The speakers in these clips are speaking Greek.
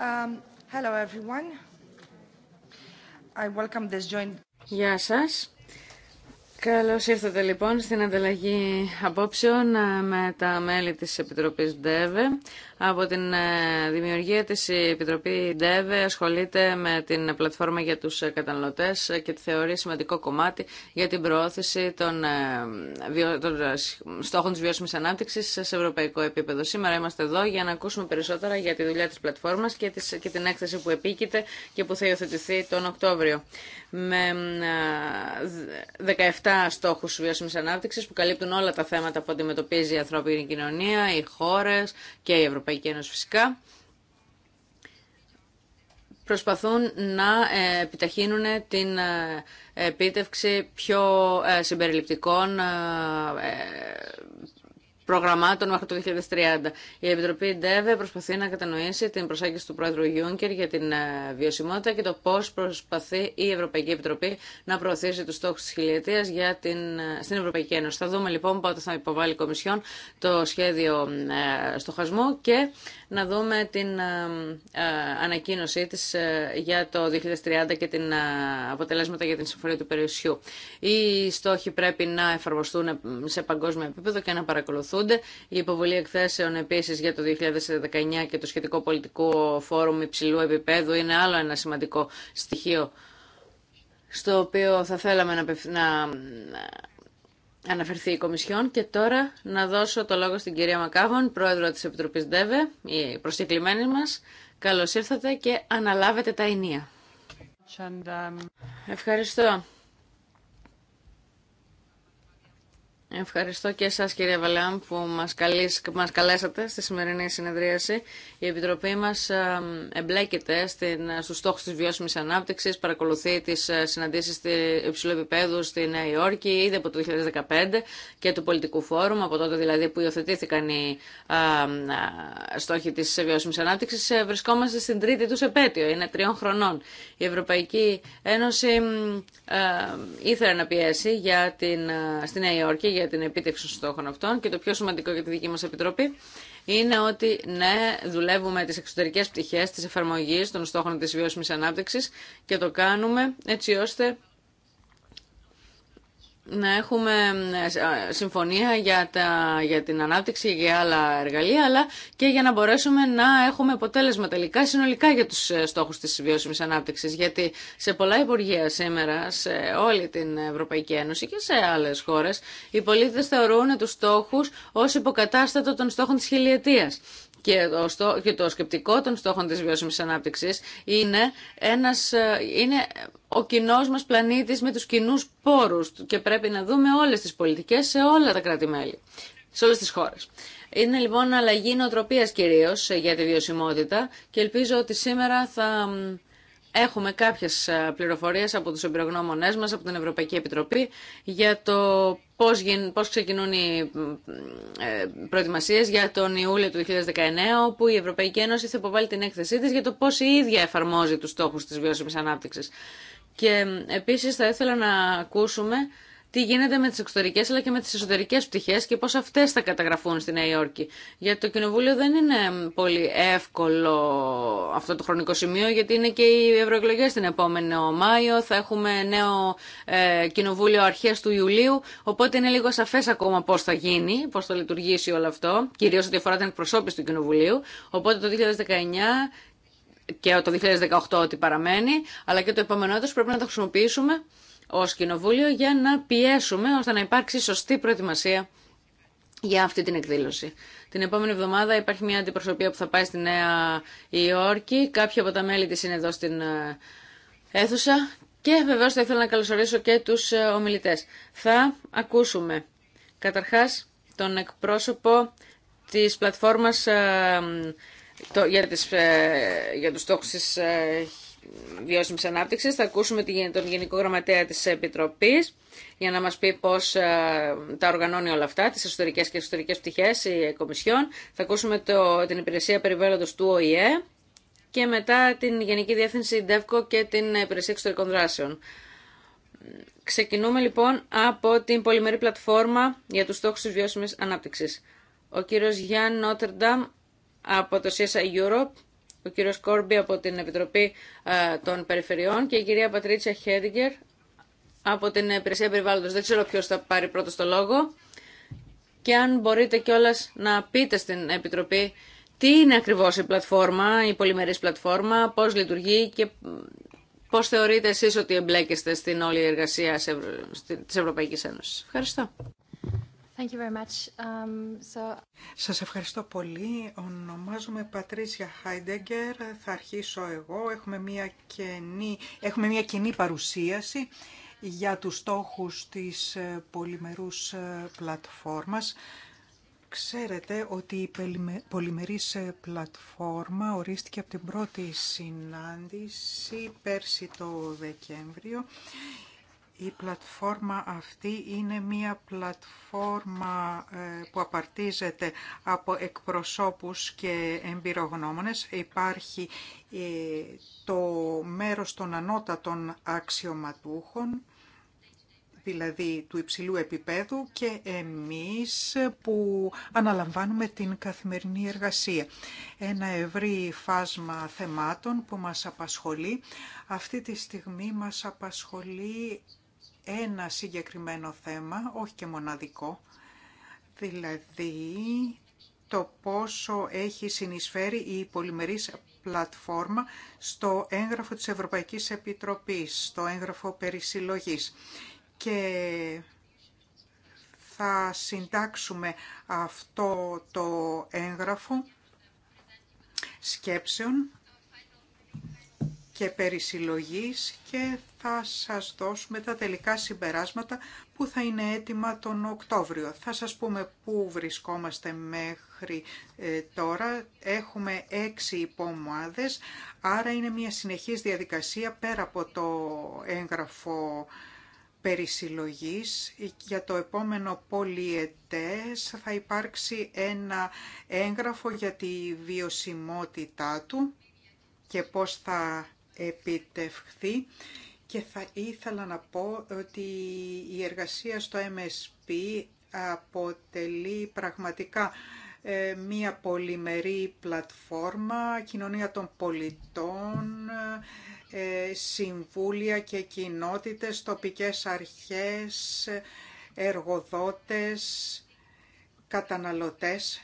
Um, hello everyone. I welcome this joint... Καλώς ήρθατε λοιπόν στην ανταλλαγή απόψεων ε, με τα μέλη της Επιτροπής ΔΕΒΕ. Από την ε, δημιουργία της η Επιτροπή ΔΕΒΕ ασχολείται με την πλατφόρμα για τους ε, καταναλωτές και τη θεωρεί σημαντικό κομμάτι για την προώθηση των, των στόχων της βιώσιμης ανάπτυξης σε ευρωπαϊκό επίπεδο. Σήμερα είμαστε εδώ για να ακούσουμε περισσότερα για τη δουλειά της πλατφόρμας και, και την έκθεση που επίκειται και που θα υιοθετηθεί τον Οκτώβριο. Με 17 7 στόχους βιώσιμης ανάπτυξης που καλύπτουν όλα τα θέματα που αντιμετωπίζει η ανθρώπινη κοινωνία, οι χώρες και η Ευρωπαϊκή Ένωση φυσικά προσπαθούν να ε, επιταχύνουν την ε, επίτευξη πιο ε, συμπεριληπτικών προγραμμάτων μέχρι το 2030. Η Επιτροπή ΔΕΒΕ προσπαθεί να κατανοήσει την προσέγγιση του Πρόεδρου Γιούνκερ για την ε, βιωσιμότητα και το πώ προσπαθεί η Ευρωπαϊκή Επιτροπή να προωθήσει του στόχου τη χιλιετία ε, στην Ευρωπαϊκή Ένωση. Θα δούμε λοιπόν πότε θα υποβάλει η Κομισιόν το σχέδιο ε, στοχασμού και να δούμε την ε, ε, ανακοίνωσή της ε, για το 2030 και την αποτελέσματα για την Συμφωνία του Περιουσιού. Οι στόχοι πρέπει να εφαρμοστούν σε παγκόσμιο επίπεδο και να παρακολουθούνται. Η υποβολή εκθέσεων επίσης για το 2019 και το σχετικό πολιτικό φόρουμ υψηλού επίπεδου είναι άλλο ένα σημαντικό στοιχείο στο οποίο θα θέλαμε να αναφερθεί η Κομισιόν και τώρα να δώσω το λόγο στην κυρία Μακάβων, πρόεδρο της Επιτροπής ΔΕΒΕ, η προσκεκλημένη μας. Καλώς ήρθατε και αναλάβετε τα ενία. Um, Ευχαριστώ. Ευχαριστώ και εσάς κύριε Βαλάν, που μας, καλέσατε στη σημερινή συνεδρίαση. Η Επιτροπή μας ε, εμπλέκεται στου στους στόχους της βιώσιμης ανάπτυξης, παρακολουθεί τις ε, συναντήσεις υψηλού επίπεδου στη Νέα Υόρκη ήδη από το 2015 και του Πολιτικού Φόρουμ, από τότε δηλαδή που υιοθετήθηκαν οι ε, στόχοι της βιώσιμης ανάπτυξης. Βρισκόμαστε στην τρίτη τους επέτειο, είναι τριών χρονών. Η Ευρωπαϊκή Ένωση α, ήθελε να πιέσει για την, στη Νέα Υόρκη για την επίτευξη των στόχων αυτών και το πιο σημαντικό για τη δική μας Επιτροπή είναι ότι ναι, δουλεύουμε τις εξωτερικές πτυχές της εφαρμογής των στόχων της βιώσιμης ανάπτυξης και το κάνουμε έτσι ώστε να έχουμε ε, συμφωνία για, τα, για την ανάπτυξη για άλλα εργαλεία, αλλά και για να μπορέσουμε να έχουμε αποτέλεσμα τελικά συνολικά για τους ε, στόχους της βιώσιμης ανάπτυξης. Γιατί σε πολλά υπουργεία σήμερα, σε όλη την Ευρωπαϊκή Ένωση και σε άλλες χώρες, οι πολίτες θεωρούν τους στόχους ως υποκατάστατο των στόχων της χιλιετίας και το, σκεπτικό των στόχων της βιώσιμης ανάπτυξης είναι, ένας, ε, είναι ο κοινό μας πλανήτης με τους κοινού πόρους και πρέπει να δούμε όλες τις πολιτικές σε όλα τα κράτη-μέλη, σε όλες τις χώρες. Είναι λοιπόν αλλαγή νοοτροπίας κυρίως για τη βιωσιμότητα και ελπίζω ότι σήμερα θα Έχουμε κάποιες ε, πληροφορίες από τους εμπειρογνώμονές μας, από την Ευρωπαϊκή Επιτροπή, για το πώς, γιν, πώς ξεκινούν οι ε, προετοιμασίες για τον Ιούλιο του 2019, όπου η Ευρωπαϊκή Ένωση θα υποβάλει την έκθεσή της για το πώς η ίδια εφαρμόζει τους στόχους της βιώσιμης ανάπτυξης. Και ε, επίσης θα ήθελα να ακούσουμε τι γίνεται με τι εξωτερικέ αλλά και με τι εσωτερικέ πτυχές και πώ αυτέ θα καταγραφούν στη Νέα Υόρκη. Γιατί το Κοινοβούλιο δεν είναι πολύ εύκολο αυτό το χρονικό σημείο γιατί είναι και οι ευρωεκλογέ την επόμενη Μάιο, θα έχουμε νέο ε, Κοινοβούλιο αρχέ του Ιουλίου, οπότε είναι λίγο σαφέ ακόμα πώ θα γίνει, πώ θα λειτουργήσει όλο αυτό, Κυρίω ό,τι αφορά την εκπροσώπηση του Κοινοβουλίου. Οπότε το 2019 και το 2018 ότι παραμένει, αλλά και το επόμενό έτος πρέπει να το χρησιμοποιήσουμε ως Κοινοβούλιο για να πιέσουμε ώστε να υπάρξει σωστή προετοιμασία για αυτή την εκδήλωση. Την επόμενη εβδομάδα υπάρχει μια αντιπροσωπεία που θα πάει στη Νέα Υόρκη. κάποια από τα μέλη της είναι εδώ στην ε, αίθουσα και βεβαίως θα ήθελα να καλωσορίσω και τους ε, ομιλητές. Θα ακούσουμε καταρχάς τον εκπρόσωπο της πλατφόρμας ε, για, τις, για τους στόχους βιώσιμη ανάπτυξη. Θα ακούσουμε τον Γενικό Γραμματέα τη Επιτροπή για να μα πει πώ ε, τα οργανώνει όλα αυτά, τι εσωτερικέ και εξωτερικέ πτυχέ η Κομισιόν. Θα ακούσουμε το, την Υπηρεσία περιβάλλοντο του ΟΗΕ και μετά την Γενική Διεύθυνση ΔΕΒΚΟ και την Υπηρεσία Εξωτερικών Δράσεων. Ξεκινούμε λοιπόν από την πολυμερή πλατφόρμα για τους στόχου τη βιώσιμη ανάπτυξη. Ο κύριο Γιάν Νότερνταμ από το CSI Europe ο κύριος Κόρμπι από την Επιτροπή ε, των Περιφερειών και η κυρία Πατρίτσια Χέδιγκερ από την Υπηρεσία Περιβάλλοντος. Δεν ξέρω ποιος θα πάρει πρώτος το λόγο. Και αν μπορείτε κιόλας να πείτε στην Επιτροπή τι είναι ακριβώς η πλατφόρμα, η πολυμερής πλατφόρμα, πώς λειτουργεί και πώς θεωρείτε εσείς ότι εμπλέκεστε στην όλη εργασία της Ευρωπαϊκής Ένωσης. Ευχαριστώ. Thank you very much. Um, so... Σας ευχαριστώ πολύ. Ονομάζομαι Πατρίσια Χάιντεγκερ. Θα αρχίσω εγώ. Έχουμε μια, κενή, έχουμε μια κοινή παρουσίαση για τους στόχους της ε, πολυμερούς ε, πλατφόρμας. Ξέρετε ότι η πολυμερής ε, πλατφόρμα ορίστηκε από την πρώτη συνάντηση πέρσι το Δεκέμβριο η πλατφόρμα αυτή είναι μία πλατφόρμα ε, που απαρτίζεται από εκπροσώπους και εμπειρογνώμονες. Υπάρχει ε, το μέρος των ανώτατων αξιωματούχων, δηλαδή του υψηλού επίπεδου και εμείς που αναλαμβάνουμε την καθημερινή εργασία. Ένα ευρύ φάσμα θεμάτων που μας απασχολεί. Αυτή τη στιγμή μας απασχολεί ένα συγκεκριμένο θέμα, όχι και μοναδικό, δηλαδή το πόσο έχει συνεισφέρει η πολυμερής πλατφόρμα στο έγγραφο της Ευρωπαϊκής Επιτροπής, στο έγγραφο συλλογής. Και θα συντάξουμε αυτό το έγγραφο σκέψεων και περισυλλογής και θα σας δώσουμε τα τελικά συμπεράσματα που θα είναι έτοιμα τον Οκτώβριο. Θα σας πούμε πού βρισκόμαστε μέχρι ε, τώρα. Έχουμε έξι υπόμαδες, άρα είναι μια συνεχής διαδικασία πέρα από το έγγραφο περισυλλογής. Για το επόμενο πολιετές θα υπάρξει ένα έγγραφο για τη βιωσιμότητά του και πώς θα επιτευχθεί και θα ήθελα να πω ότι η εργασία στο MSP αποτελεί πραγματικά ε, μία πολυμερή πλατφόρμα, κοινωνία των πολιτών, ε, συμβούλια και κοινότητες, τοπικές αρχές, εργοδότες, καταναλωτές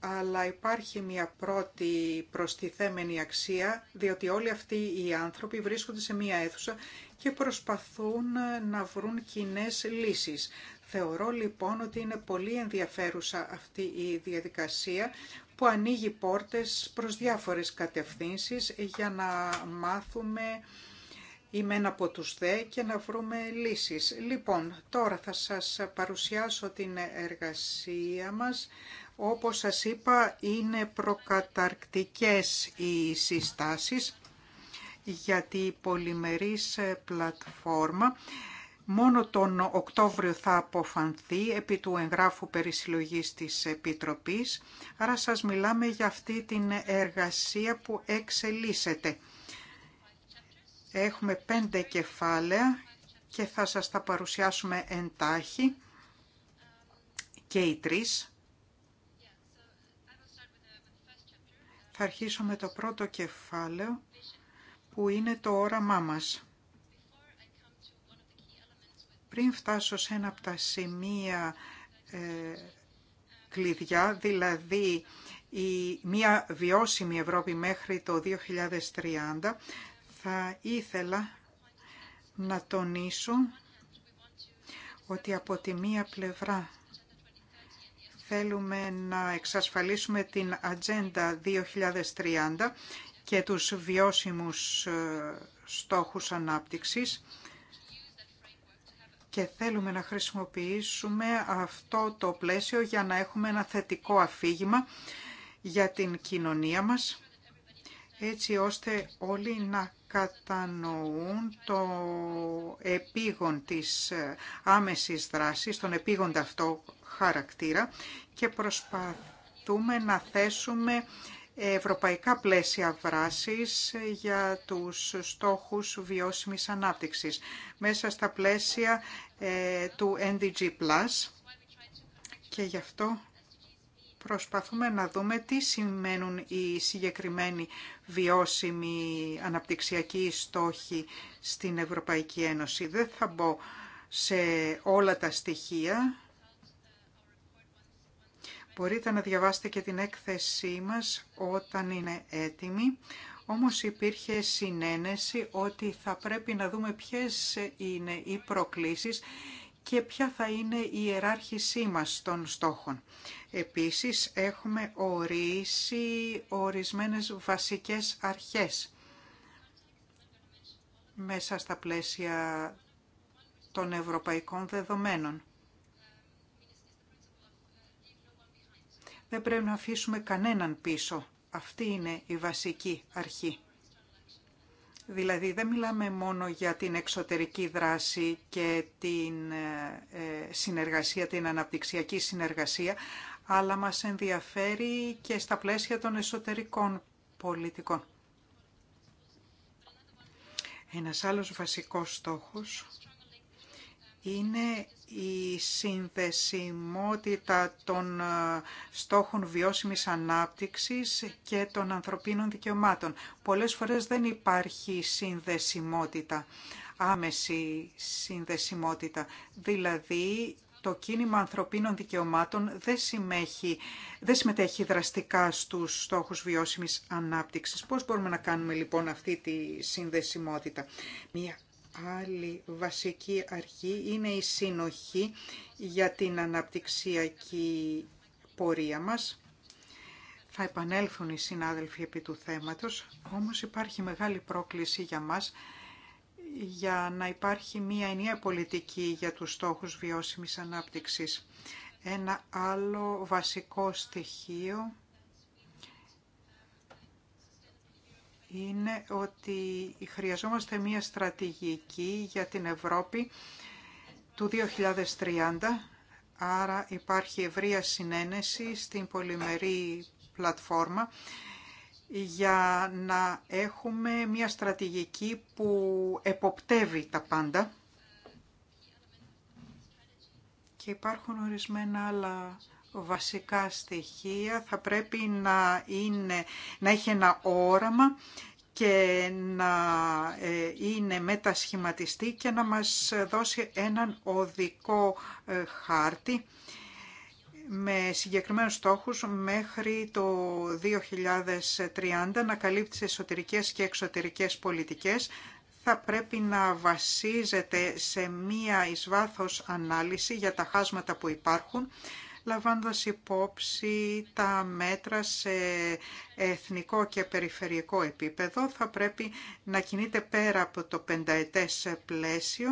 αλλά υπάρχει μια πρώτη προστιθέμενη αξία, διότι όλοι αυτοί οι άνθρωποι βρίσκονται σε μια αίθουσα και προσπαθούν να βρουν κοινέ λύσεις. Θεωρώ λοιπόν ότι είναι πολύ ενδιαφέρουσα αυτή η διαδικασία που ανοίγει πόρτες προς διάφορες κατευθύνσεις για να μάθουμε ημένα από τους δε και να βρούμε λύσεις. Λοιπόν, τώρα θα σας παρουσιάσω την εργασία μας όπως σας είπα, είναι προκαταρκτικές οι συστάσεις γιατί η πολυμερής πλατφόρμα μόνο τον Οκτώβριο θα αποφανθεί επί του εγγράφου περισυλλογής της Επιτροπής, άρα σας μιλάμε για αυτή την εργασία που εξελίσσεται. Έχουμε πέντε κεφάλαια και θα σας τα παρουσιάσουμε εντάχει και οι τρεις Θα αρχίσω με το πρώτο κεφάλαιο που είναι το όραμά μας. Πριν φτάσω σε ένα από τα σημεία ε, κλειδιά, δηλαδή η, μια βιώσιμη Ευρώπη μέχρι το 2030, θα ήθελα να τονίσω ότι από τη μία πλευρά Θέλουμε να εξασφαλίσουμε την Ατζέντα 2030 και τους βιώσιμους ε, στόχους ανάπτυξης και θέλουμε να χρησιμοποιήσουμε αυτό το πλαίσιο για να έχουμε ένα θετικό αφήγημα για την κοινωνία μας, έτσι ώστε όλοι να κατανοούν το επίγον της ε, άμεσης δράσης, τον επίγοντα αυτό χαρακτήρα και προσπαθούμε να θέσουμε ευρωπαϊκά πλαίσια βράσης για τους στόχους βιώσιμης ανάπτυξης μέσα στα πλαίσια ε, του NDG+. Και γι' αυτό προσπαθούμε να δούμε τι σημαίνουν οι συγκεκριμένοι βιώσιμοι αναπτυξιακοί στόχοι στην Ευρωπαϊκή Ένωση. Δεν θα μπω σε όλα τα στοιχεία Μπορείτε να διαβάσετε και την έκθεσή μας όταν είναι έτοιμη. Όμως υπήρχε συνένεση ότι θα πρέπει να δούμε ποιες είναι οι προκλήσεις και ποια θα είναι η ιεράρχησή μας των στόχων. Επίσης, έχουμε ορίσει ορισμένες βασικές αρχές μέσα στα πλαίσια των ευρωπαϊκών δεδομένων. Δεν πρέπει να αφήσουμε κανέναν πίσω. Αυτή είναι η βασική αρχή. Δηλαδή δεν μιλάμε μόνο για την εξωτερική δράση και την ε, συνεργασία, την αναπτυξιακή συνεργασία, αλλά μας ενδιαφέρει και στα πλαίσια των εσωτερικών πολιτικών. Ένας άλλος βασικός στόχος είναι η συνδεσιμότητα των ε, στόχων βιώσιμης ανάπτυξης και των ανθρωπίνων δικαιωμάτων. Πολλές φορές δεν υπάρχει συνδεσιμότητα, άμεση συνδεσιμότητα. Δηλαδή το κίνημα ανθρωπίνων δικαιωμάτων δεν, συμμέχει, δεν συμμετέχει δραστικά στους στόχους βιώσιμης ανάπτυξης. Πώς μπορούμε να κάνουμε λοιπόν αυτή τη συνδεσιμότητα. Μια άλλη βασική αρχή είναι η συνοχή για την αναπτυξιακή πορεία μας. Θα επανέλθουν οι συνάδελφοι επί του θέματος, όμως υπάρχει μεγάλη πρόκληση για μας για να υπάρχει μία ενιαία πολιτική για τους στόχους βιώσιμης ανάπτυξης. Ένα άλλο βασικό στοιχείο είναι ότι χρειαζόμαστε μία στρατηγική για την Ευρώπη του 2030, άρα υπάρχει ευρεία συνένεση στην πολυμερή πλατφόρμα για να έχουμε μία στρατηγική που εποπτεύει τα πάντα και υπάρχουν ορισμένα άλλα βασικά στοιχεία θα πρέπει να, είναι, να έχει ένα όραμα και να ε, είναι μετασχηματιστή και να μας δώσει έναν οδικό ε, χάρτη με συγκεκριμένους στόχους μέχρι το 2030 να καλύπτει τις εσωτερικές και εξωτερικές πολιτικές. Θα πρέπει να βασίζεται σε μία εις βάθος ανάλυση για τα χάσματα που υπάρχουν λαμβάνοντας υπόψη τα μέτρα σε εθνικό και περιφερειακό επίπεδο, θα πρέπει να κινείται πέρα από το πενταετές πλαίσιο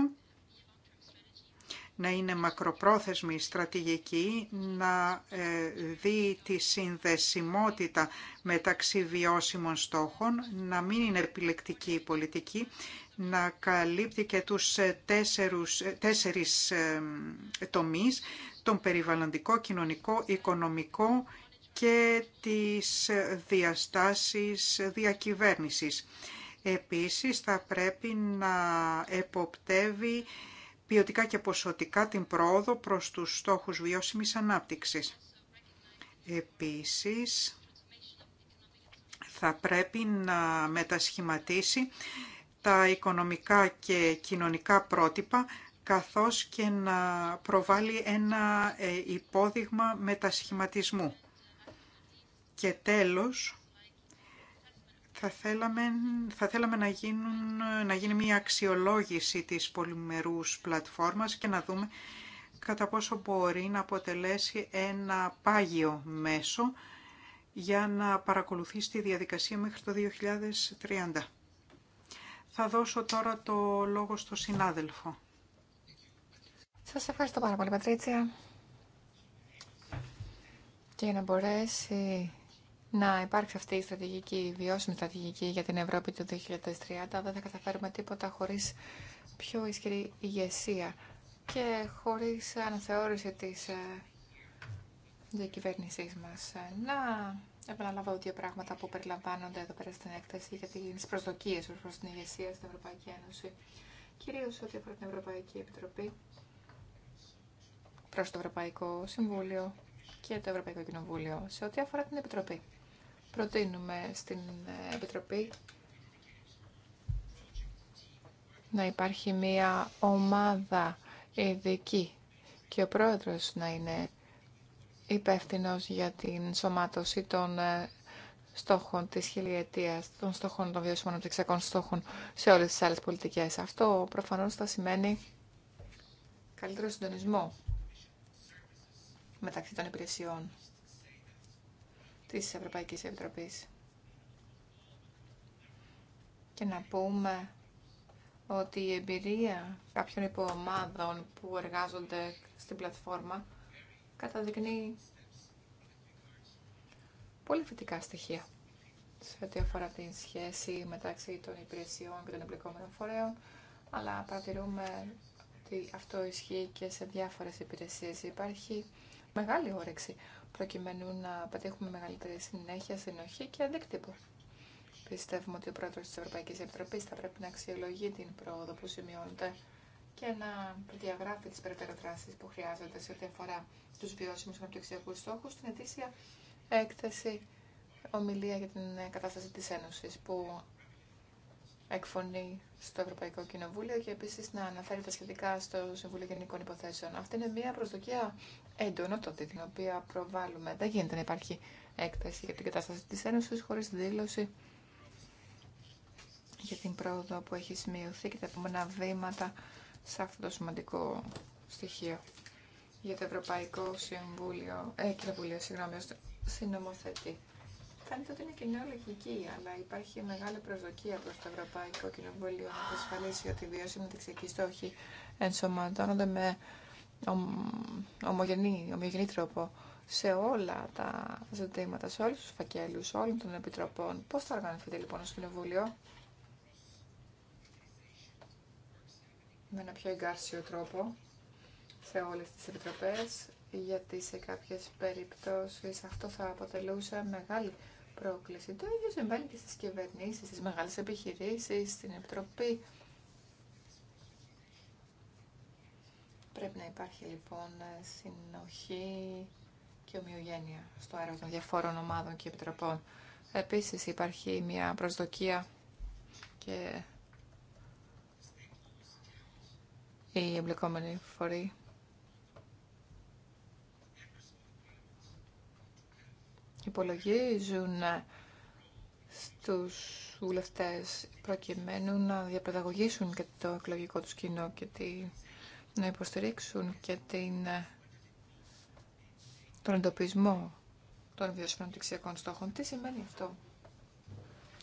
να είναι μακροπρόθεσμη στρατηγική, να ε, δει τη συνδεσιμότητα μεταξύ βιώσιμων στόχων, να μην είναι επιλεκτική η πολιτική, να καλύπτει και τους ε, τέσσερους, ε, τέσσερις τομείς, τον περιβαλλοντικό, κοινωνικό, οικονομικό και τις διαστάσεις διακυβέρνησης. Επίσης θα πρέπει να εποπτεύει ποιοτικά και ποσοτικά την πρόοδο προς τους στόχους βιώσιμης ανάπτυξης. Επίσης, θα πρέπει να μετασχηματίσει τα οικονομικά και κοινωνικά πρότυπα, καθώς και να προβάλλει ένα ε, υπόδειγμα μετασχηματισμού. Και τέλος, θα θέλαμε, θα θέλαμε να, γίνουν, να γίνει μια αξιολόγηση της πολυμερούς πλατφόρμας και να δούμε κατά πόσο μπορεί να αποτελέσει ένα πάγιο μέσο για να παρακολουθήσει τη διαδικασία μέχρι το 2030. Θα δώσω τώρα το λόγο στο συνάδελφο. Σας ευχαριστώ πάρα πολύ Πατρίτσια. Και για να μπορέσει να υπάρξει αυτή η στρατηγική, βιώσιμη στρατηγική για την Ευρώπη του 2030, δεν θα καταφέρουμε τίποτα χωρίς πιο ισχυρή ηγεσία και χωρίς αναθεώρηση της ε, διακυβέρνησή μας. Ε, να επαναλάβω δύο πράγματα που περιλαμβάνονται εδώ πέρα στην έκθεση για τις προσδοκίες προς την ηγεσία στην Ευρωπαϊκή Ένωση, κυρίως ό,τι αφορά την Ευρωπαϊκή Επιτροπή προς το Ευρωπαϊκό Συμβούλιο και το Ευρωπαϊκό Κοινοβούλιο σε ό,τι αφορά την Επιτροπή προτείνουμε στην Επιτροπή να υπάρχει μία ομάδα ειδική και ο πρόεδρος να είναι υπεύθυνο για την σωμάτωση των ε, στόχων της χιλιετίας, των στόχων των βιώσιμων αναπτυξιακών στόχων σε όλες τις άλλες πολιτικές. Αυτό προφανώς θα σημαίνει καλύτερο συντονισμό μεταξύ των υπηρεσιών της Ευρωπαϊκής Επιτροπής. Και να πούμε ότι η εμπειρία κάποιων υποομάδων που εργάζονται στην πλατφόρμα καταδεικνύει πολύ θετικά στοιχεία σε ό,τι αφορά την σχέση μεταξύ των υπηρεσιών και των εμπλεκόμενων φορέων, αλλά παρατηρούμε ότι αυτό ισχύει και σε διάφορες υπηρεσίες. Υπάρχει μεγάλη όρεξη προκειμένου να πετύχουμε μεγαλύτερη συνέχεια, συνοχή και αντίκτυπο. Πιστεύουμε ότι ο πρόεδρος της Ευρωπαϊκής Επιτροπής θα πρέπει να αξιολογεί την πρόοδο που σημειώνεται και να διαγράφει τις περαιτέρω που χρειάζονται σε ό,τι αφορά τους βιώσιμους αναπτυξιακούς στόχους στην ετήσια έκθεση ομιλία για την κατάσταση της Ένωσης που εκφωνεί στο Ευρωπαϊκό Κοινοβούλιο και επίσης να αναφέρει τα σχετικά στο Συμβούλιο Γενικών Υποθέσεων. Αυτή είναι μια προσδοκία εντονότατη την οποία προβάλλουμε. Δεν γίνεται να υπάρχει έκθεση για την κατάσταση της Ένωση χωρίς δήλωση για την πρόοδο που έχει σημειωθεί και τα επόμενα βήματα σε αυτό το σημαντικό στοιχείο για το Ευρωπαϊκό Συμβούλιο, ε, Κοινοβούλιο, συγγνώμη, συνομοθετή. Φαίνεται ότι είναι και μια λογική, αλλά υπάρχει μεγάλη προσδοκία προ το Ευρωπαϊκό Κοινοβούλιο να εξασφαλίσει ότι οι βιώσιμοι δεξιακοί στόχοι ενσωματώνονται με ομογενή, ομογενή τρόπο σε όλα τα ζητήματα, σε όλου του φακέλου όλων των επιτροπών. Πώ θα οργανωθείτε λοιπόν στο Κοινοβούλιο, με ένα πιο εγκάρσιο τρόπο σε όλες τις επιτροπές, γιατί σε κάποιες περιπτώσεις αυτό θα αποτελούσε μεγάλη πρόκληση. Το ίδιο συμβαίνει και στις κυβερνήσει, στις μεγάλες επιχειρήσεις, στην Επιτροπή. Πρέπει να υπάρχει λοιπόν συνοχή και ομοιογένεια στο έργο των διαφόρων ομάδων και επιτροπών. Επίσης υπάρχει μια προσδοκία και η εμπλεκόμενοι φορεί υπολογίζουν στους βουλευτές προκειμένου να διαπαιδαγωγήσουν και το εκλογικό τους κοινό και τη, να υποστηρίξουν και την, τον εντοπισμό των βιώσιμων στόχων. Τι σημαίνει αυτό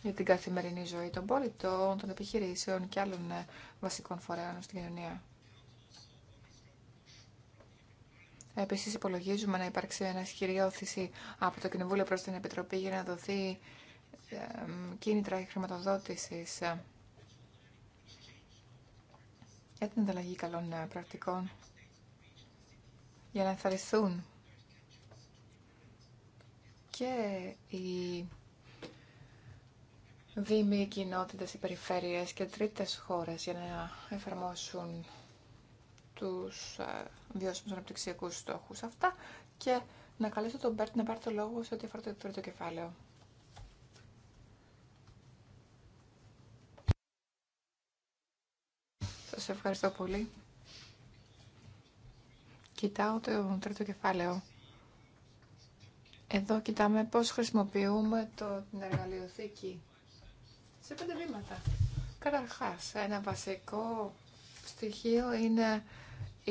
για την καθημερινή ζωή των πολιτών, των επιχειρήσεων και άλλων ε, βασικών φορέων στην κοινωνία. Επίσης υπολογίζουμε να υπάρξει ένα ισχυρή από το Κοινοβούλιο προς την Επιτροπή για να δοθεί κίνητρα χρηματοδότησης για την ανταλλαγή καλών πρακτικών για να ενθαρρυνθούν και οι δήμοι, οι κοινότητες, οι περιφέρειες και τρίτες χώρες για να εφαρμόσουν τους ε, βιώσιμους αναπτυξιακούς στόχους αυτά και να καλέσω τον Μπέρτ να πάρει το λόγο σε ό,τι αφορά το τρίτο κεφάλαιο. Σας ευχαριστώ πολύ. Κοιτάω το τρίτο κεφάλαιο. Εδώ κοιτάμε πώς χρησιμοποιούμε το, την εργαλειοθήκη σε πέντε βήματα. Καταρχάς, ένα βασικό στοιχείο είναι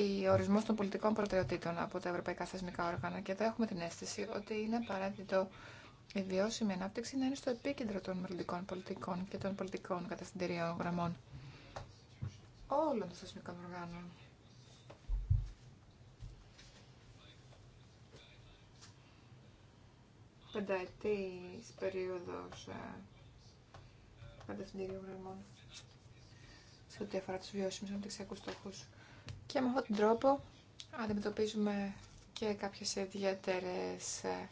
ο ορισμό των πολιτικών προτεραιοτήτων από τα ευρωπαϊκά θεσμικά όργανα. Και εδώ έχουμε την αίσθηση ότι είναι απαραίτητο η βιώσιμη ανάπτυξη να είναι στο επίκεντρο των μελλοντικών πολιτικών και των πολιτικών κατευθυντηρίων γραμμών όλων των θεσμικών οργάνων. Πενταετής περίοδος ε, κατευθυντήριων γραμμών σε ό,τι αφορά τους βιώσιμους αναπτυξιακούς στόχους. Και με αυτόν τον τρόπο αντιμετωπίζουμε και κάποιες ιδιαίτερες ε,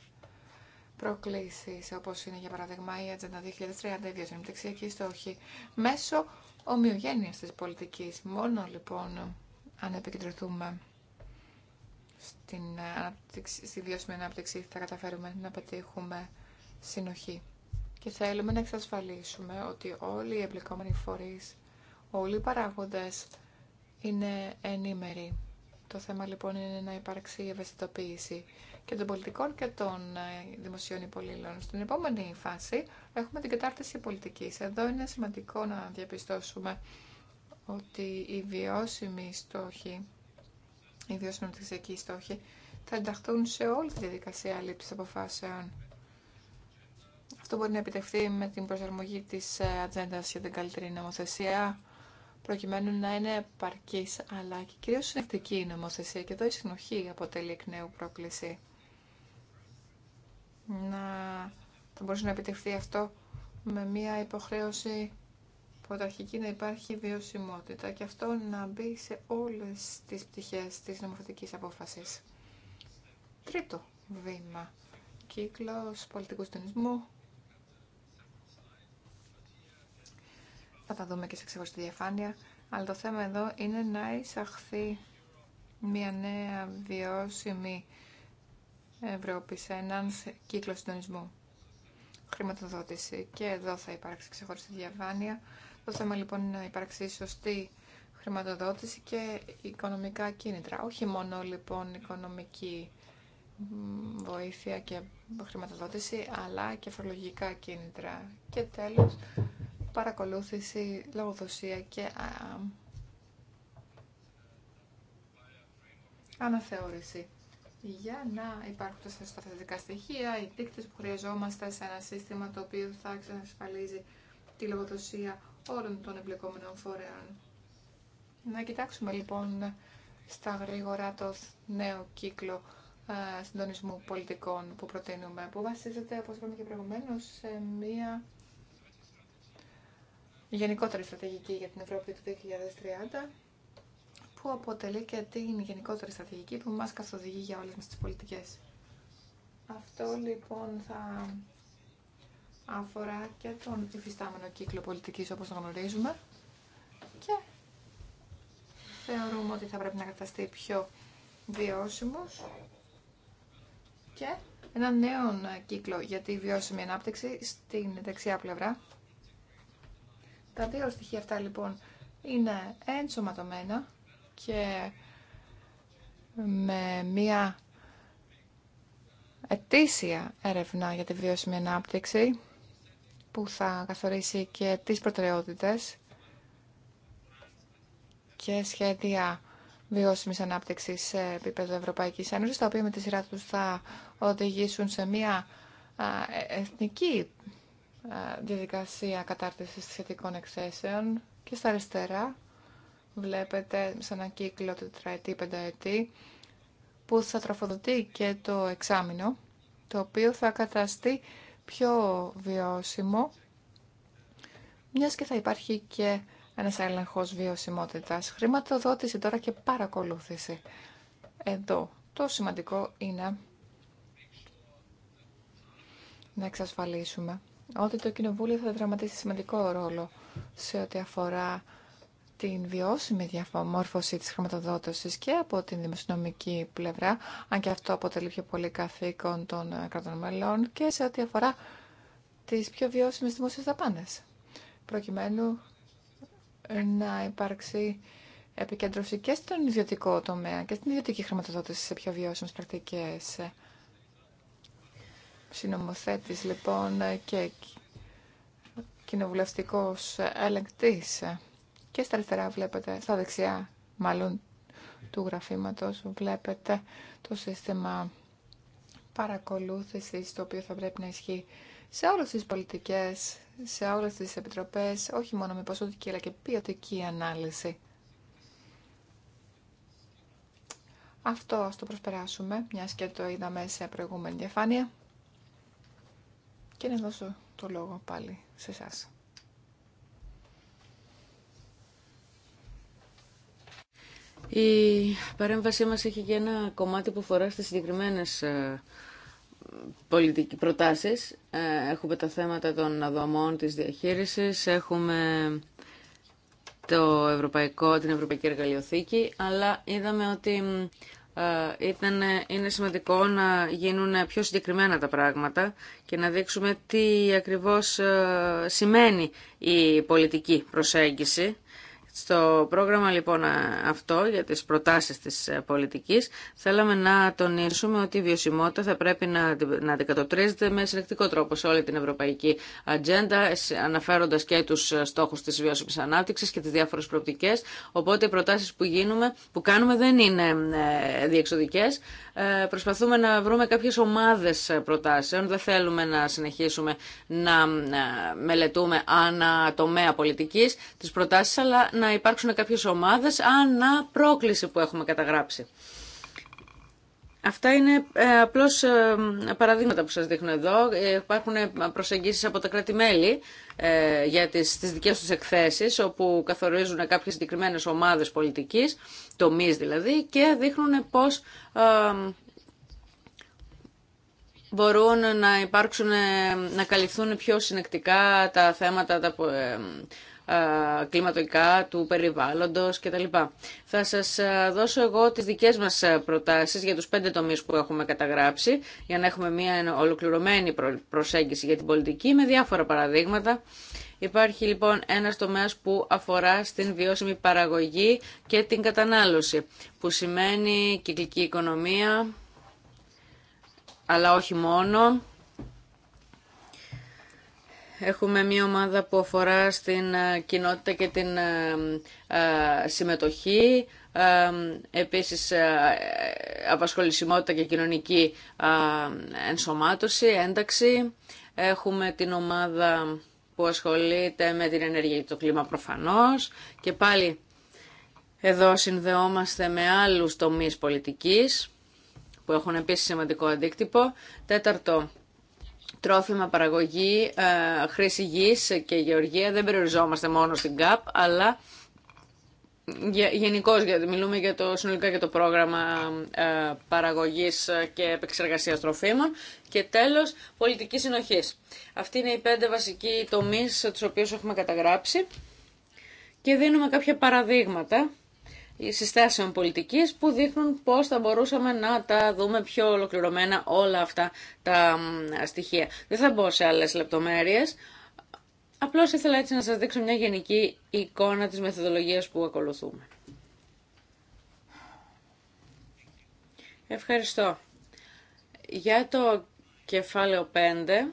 προκλήσεις, όπως είναι για παράδειγμα η Ατζέντα 2030, η η στόχη, μέσω ομοιογένειας της πολιτικής. Μόνο λοιπόν αν επικεντρωθούμε στην στη βιώσιμη ανάπτυξη θα καταφέρουμε να πετύχουμε συνοχή. Και θέλουμε να εξασφαλίσουμε ότι όλοι οι εμπλεκόμενοι φορείς, όλοι οι παράγοντες είναι ενήμεροι. Το θέμα λοιπόν είναι να υπάρξει ευαισθητοποίηση και των πολιτικών και των ε, δημοσίων υπολειλών. Στην επόμενη φάση έχουμε την κατάρτιση πολιτικής. Εδώ είναι σημαντικό να διαπιστώσουμε ότι οι βιώσιμοι στόχοι, οι βιώσιμοι στόχοι, θα ενταχθούν σε όλη τη διαδικασία λήψη αποφάσεων. Αυτό μπορεί να επιτευχθεί με την προσαρμογή της ε, ατζέντα για την καλύτερη νομοθεσία, προκειμένου να είναι επαρκή αλλά και κυρίω συνεκτική η νομοθεσία και εδώ η συνοχή αποτελεί εκ νέου πρόκληση. Να θα μπορούσε να επιτευχθεί αυτό με μια υποχρέωση πρωταρχική να υπάρχει βιωσιμότητα και αυτό να μπει σε όλες τις πτυχές της νομοθετικής απόφασης. Τρίτο βήμα. Κύκλος πολιτικού συντονισμού, Θα τα δούμε και σε ξεχωριστή διαφάνεια. Αλλά το θέμα εδώ είναι να εισαχθεί μια νέα βιώσιμη Ευρώπη σε έναν κύκλο συντονισμού. Χρηματοδότηση. Και εδώ θα υπάρξει ξεχωριστή διαφάνεια. Το θέμα λοιπόν είναι να υπάρξει σωστή χρηματοδότηση και οικονομικά κίνητρα. Όχι μόνο λοιπόν οικονομική βοήθεια και χρηματοδότηση, αλλά και φορολογικά κίνητρα. Και τέλος, παρακολούθηση, λογοδοσία και αναθεώρηση για να υπάρχουν τα σταθετικά στοιχεία, οι δείκτες που χρειαζόμαστε σε ένα σύστημα το οποίο θα εξασφαλίζει τη λογοδοσία όλων των εμπλεκόμενων φορέων. Να κοιτάξουμε λοιπόν στα γρήγορα το νέο κύκλο συντονισμού πολιτικών που προτείνουμε, που βασίζεται, όπως είπαμε και προηγουμένως, σε μία γενικότερη στρατηγική για την Ευρώπη του 2030 που αποτελεί και την γενικότερη στρατηγική που μας καθοδηγεί για όλες μας τις πολιτικές. Αυτό λοιπόν θα αφορά και τον υφιστάμενο κύκλο πολιτικής όπως τον γνωρίζουμε και θεωρούμε ότι θα πρέπει να καταστεί πιο βιώσιμος και ένα νέο κύκλο για τη βιώσιμη ανάπτυξη στην δεξιά πλευρά τα δύο στοιχεία αυτά λοιπόν είναι ενσωματωμένα και με μία ετήσια έρευνα για τη βιώσιμη ανάπτυξη που θα καθορίσει και τις προτεραιότητες και σχέδια βιώσιμης ανάπτυξης σε επίπεδο Ευρωπαϊκής Ένωσης, τα οποία με τη σειρά τους θα οδηγήσουν σε μια εθνική ε, διαδικασία κατάρτισης σχετικών εξαίσεων και στα αριστερά βλέπετε σε ένα κύκλο τετραετή-πενταετή που θα τροφοδοτεί και το εξάμεινο το οποίο θα καταστεί πιο βιώσιμο μιας και θα υπάρχει και ένας έλεγχος βιωσιμότητας. Χρηματοδότηση τώρα και παρακολούθηση. Εδώ το σημαντικό είναι να εξασφαλίσουμε ότι το Κοινοβούλιο θα δραματίσει σημαντικό ρόλο σε ό,τι αφορά την βιώσιμη διαμόρφωση της χρηματοδότησης και από την δημοσιονομική πλευρά, αν και αυτό αποτελεί πιο πολύ καθήκον των κρατών μελών και σε ό,τι αφορά τις πιο βιώσιμες δημόσιες δαπάνες, προκειμένου να υπάρξει επικέντρωση και στον ιδιωτικό τομέα και στην ιδιωτική χρηματοδότηση σε πιο βιώσιμες πρακτικές. Συνομοθέτης λοιπόν και κοινοβουλευτικός ελεγκτής. Και στα αριστερά βλέπετε, στα δεξιά μάλλον του γραφήματος βλέπετε το σύστημα παρακολούθησης το οποίο θα πρέπει να ισχύει σε όλες τις πολιτικές, σε όλες τις επιτροπές, όχι μόνο με ποσοτική αλλά και ποιοτική ανάλυση. Αυτό ας το προσπεράσουμε, μιας και το είδαμε σε προηγούμενη διαφάνεια και να δώσω το λόγο πάλι σε εσά. Η παρέμβασή μας έχει και ένα κομμάτι που φορά στις συγκεκριμένες ε, πολιτικές προτάσεις. Ε, έχουμε τα θέματα των αδομών της διαχείρισης, έχουμε το ευρωπαϊκό, την Ευρωπαϊκή Εργαλειοθήκη, αλλά είδαμε ότι ε, ήταν, είναι σημαντικό να γίνουν πιο συγκεκριμένα τα πράγματα και να δείξουμε τι ακριβώς ε, σημαίνει η πολιτική προσέγγιση στο πρόγραμμα λοιπόν αυτό για τις προτάσεις της ε, πολιτικής θέλαμε να τονίσουμε ότι η βιωσιμότητα θα πρέπει να, να αντικατοπτρίζεται με συνεκτικό τρόπο σε όλη την ευρωπαϊκή ατζέντα αναφέροντας και τους ε, στόχους της βιώσιμης ανάπτυξης και τις διάφορες προοπτικές οπότε οι προτάσεις που, που κάνουμε δεν είναι ε, διεξοδικές ε, προσπαθούμε να βρούμε κάποιες ομάδες προτάσεων. Δεν θέλουμε να συνεχίσουμε να ε, μελετούμε ανά τομέα πολιτικής τις προτάσεις, αλλά να υπάρξουν κάποιες ομάδες ανά πρόκληση που έχουμε καταγράψει. Αυτά είναι ε, απλώς ε, παραδείγματα που σας δείχνω εδώ. Ε, υπάρχουν προσεγγίσεις από τα κράτη-μέλη για τις, τις δικές τους εκθέσεις, όπου καθορίζουν κάποιες συγκεκριμένε ομάδες πολιτικής, τομείς δηλαδή, και δείχνουν πώς μπορούν να υπάρξουν, να καλυφθούν πιο συνεκτικά τα θέματα τα, κλιματοικά, του περιβάλλοντος κτλ. Θα σας δώσω εγώ τις δικές μας προτάσεις για τους πέντε τομείς που έχουμε καταγράψει, για να έχουμε μια ολοκληρωμένη προσέγγιση για την πολιτική με διάφορα παραδείγματα. Υπάρχει λοιπόν ένας τομέας που αφορά στην βιώσιμη παραγωγή και την κατανάλωση, που σημαίνει κυκλική οικονομία, αλλά όχι μόνο, Έχουμε μία ομάδα που αφορά στην ε, κοινότητα και την ε, ε, συμμετοχή, επίσης απασχολησιμότητα και κοινωνική ενσωμάτωση, ένταξη. Έχουμε την ομάδα που ασχολείται με την ενέργεια και το κλίμα προφανώς και πάλι εδώ συνδεόμαστε με άλλους τομείς πολιτικής που έχουν επίσης σημαντικό αντίκτυπο. Τέταρτο, τρόφιμα, παραγωγή, ε, χρήση και γεωργία. Δεν περιοριζόμαστε μόνο στην ΚΑΠ, αλλά γενικώ μιλούμε για το, συνολικά για το πρόγραμμα ε, παραγωγής και επεξεργασίας τροφίμων. Και τέλος, πολιτική συνοχής. Αυτοί είναι οι πέντε βασικοί τομείς τους οποίους έχουμε καταγράψει και δίνουμε κάποια παραδείγματα συστάσεων πολιτικής που δείχνουν πώς θα μπορούσαμε να τα δούμε πιο ολοκληρωμένα όλα αυτά τα στοιχεία. Δεν θα μπω σε άλλες λεπτομέρειες. Απλώς ήθελα έτσι να σας δείξω μια γενική εικόνα της μεθοδολογίας που ακολουθούμε. Ευχαριστώ. Για το κεφάλαιο 5...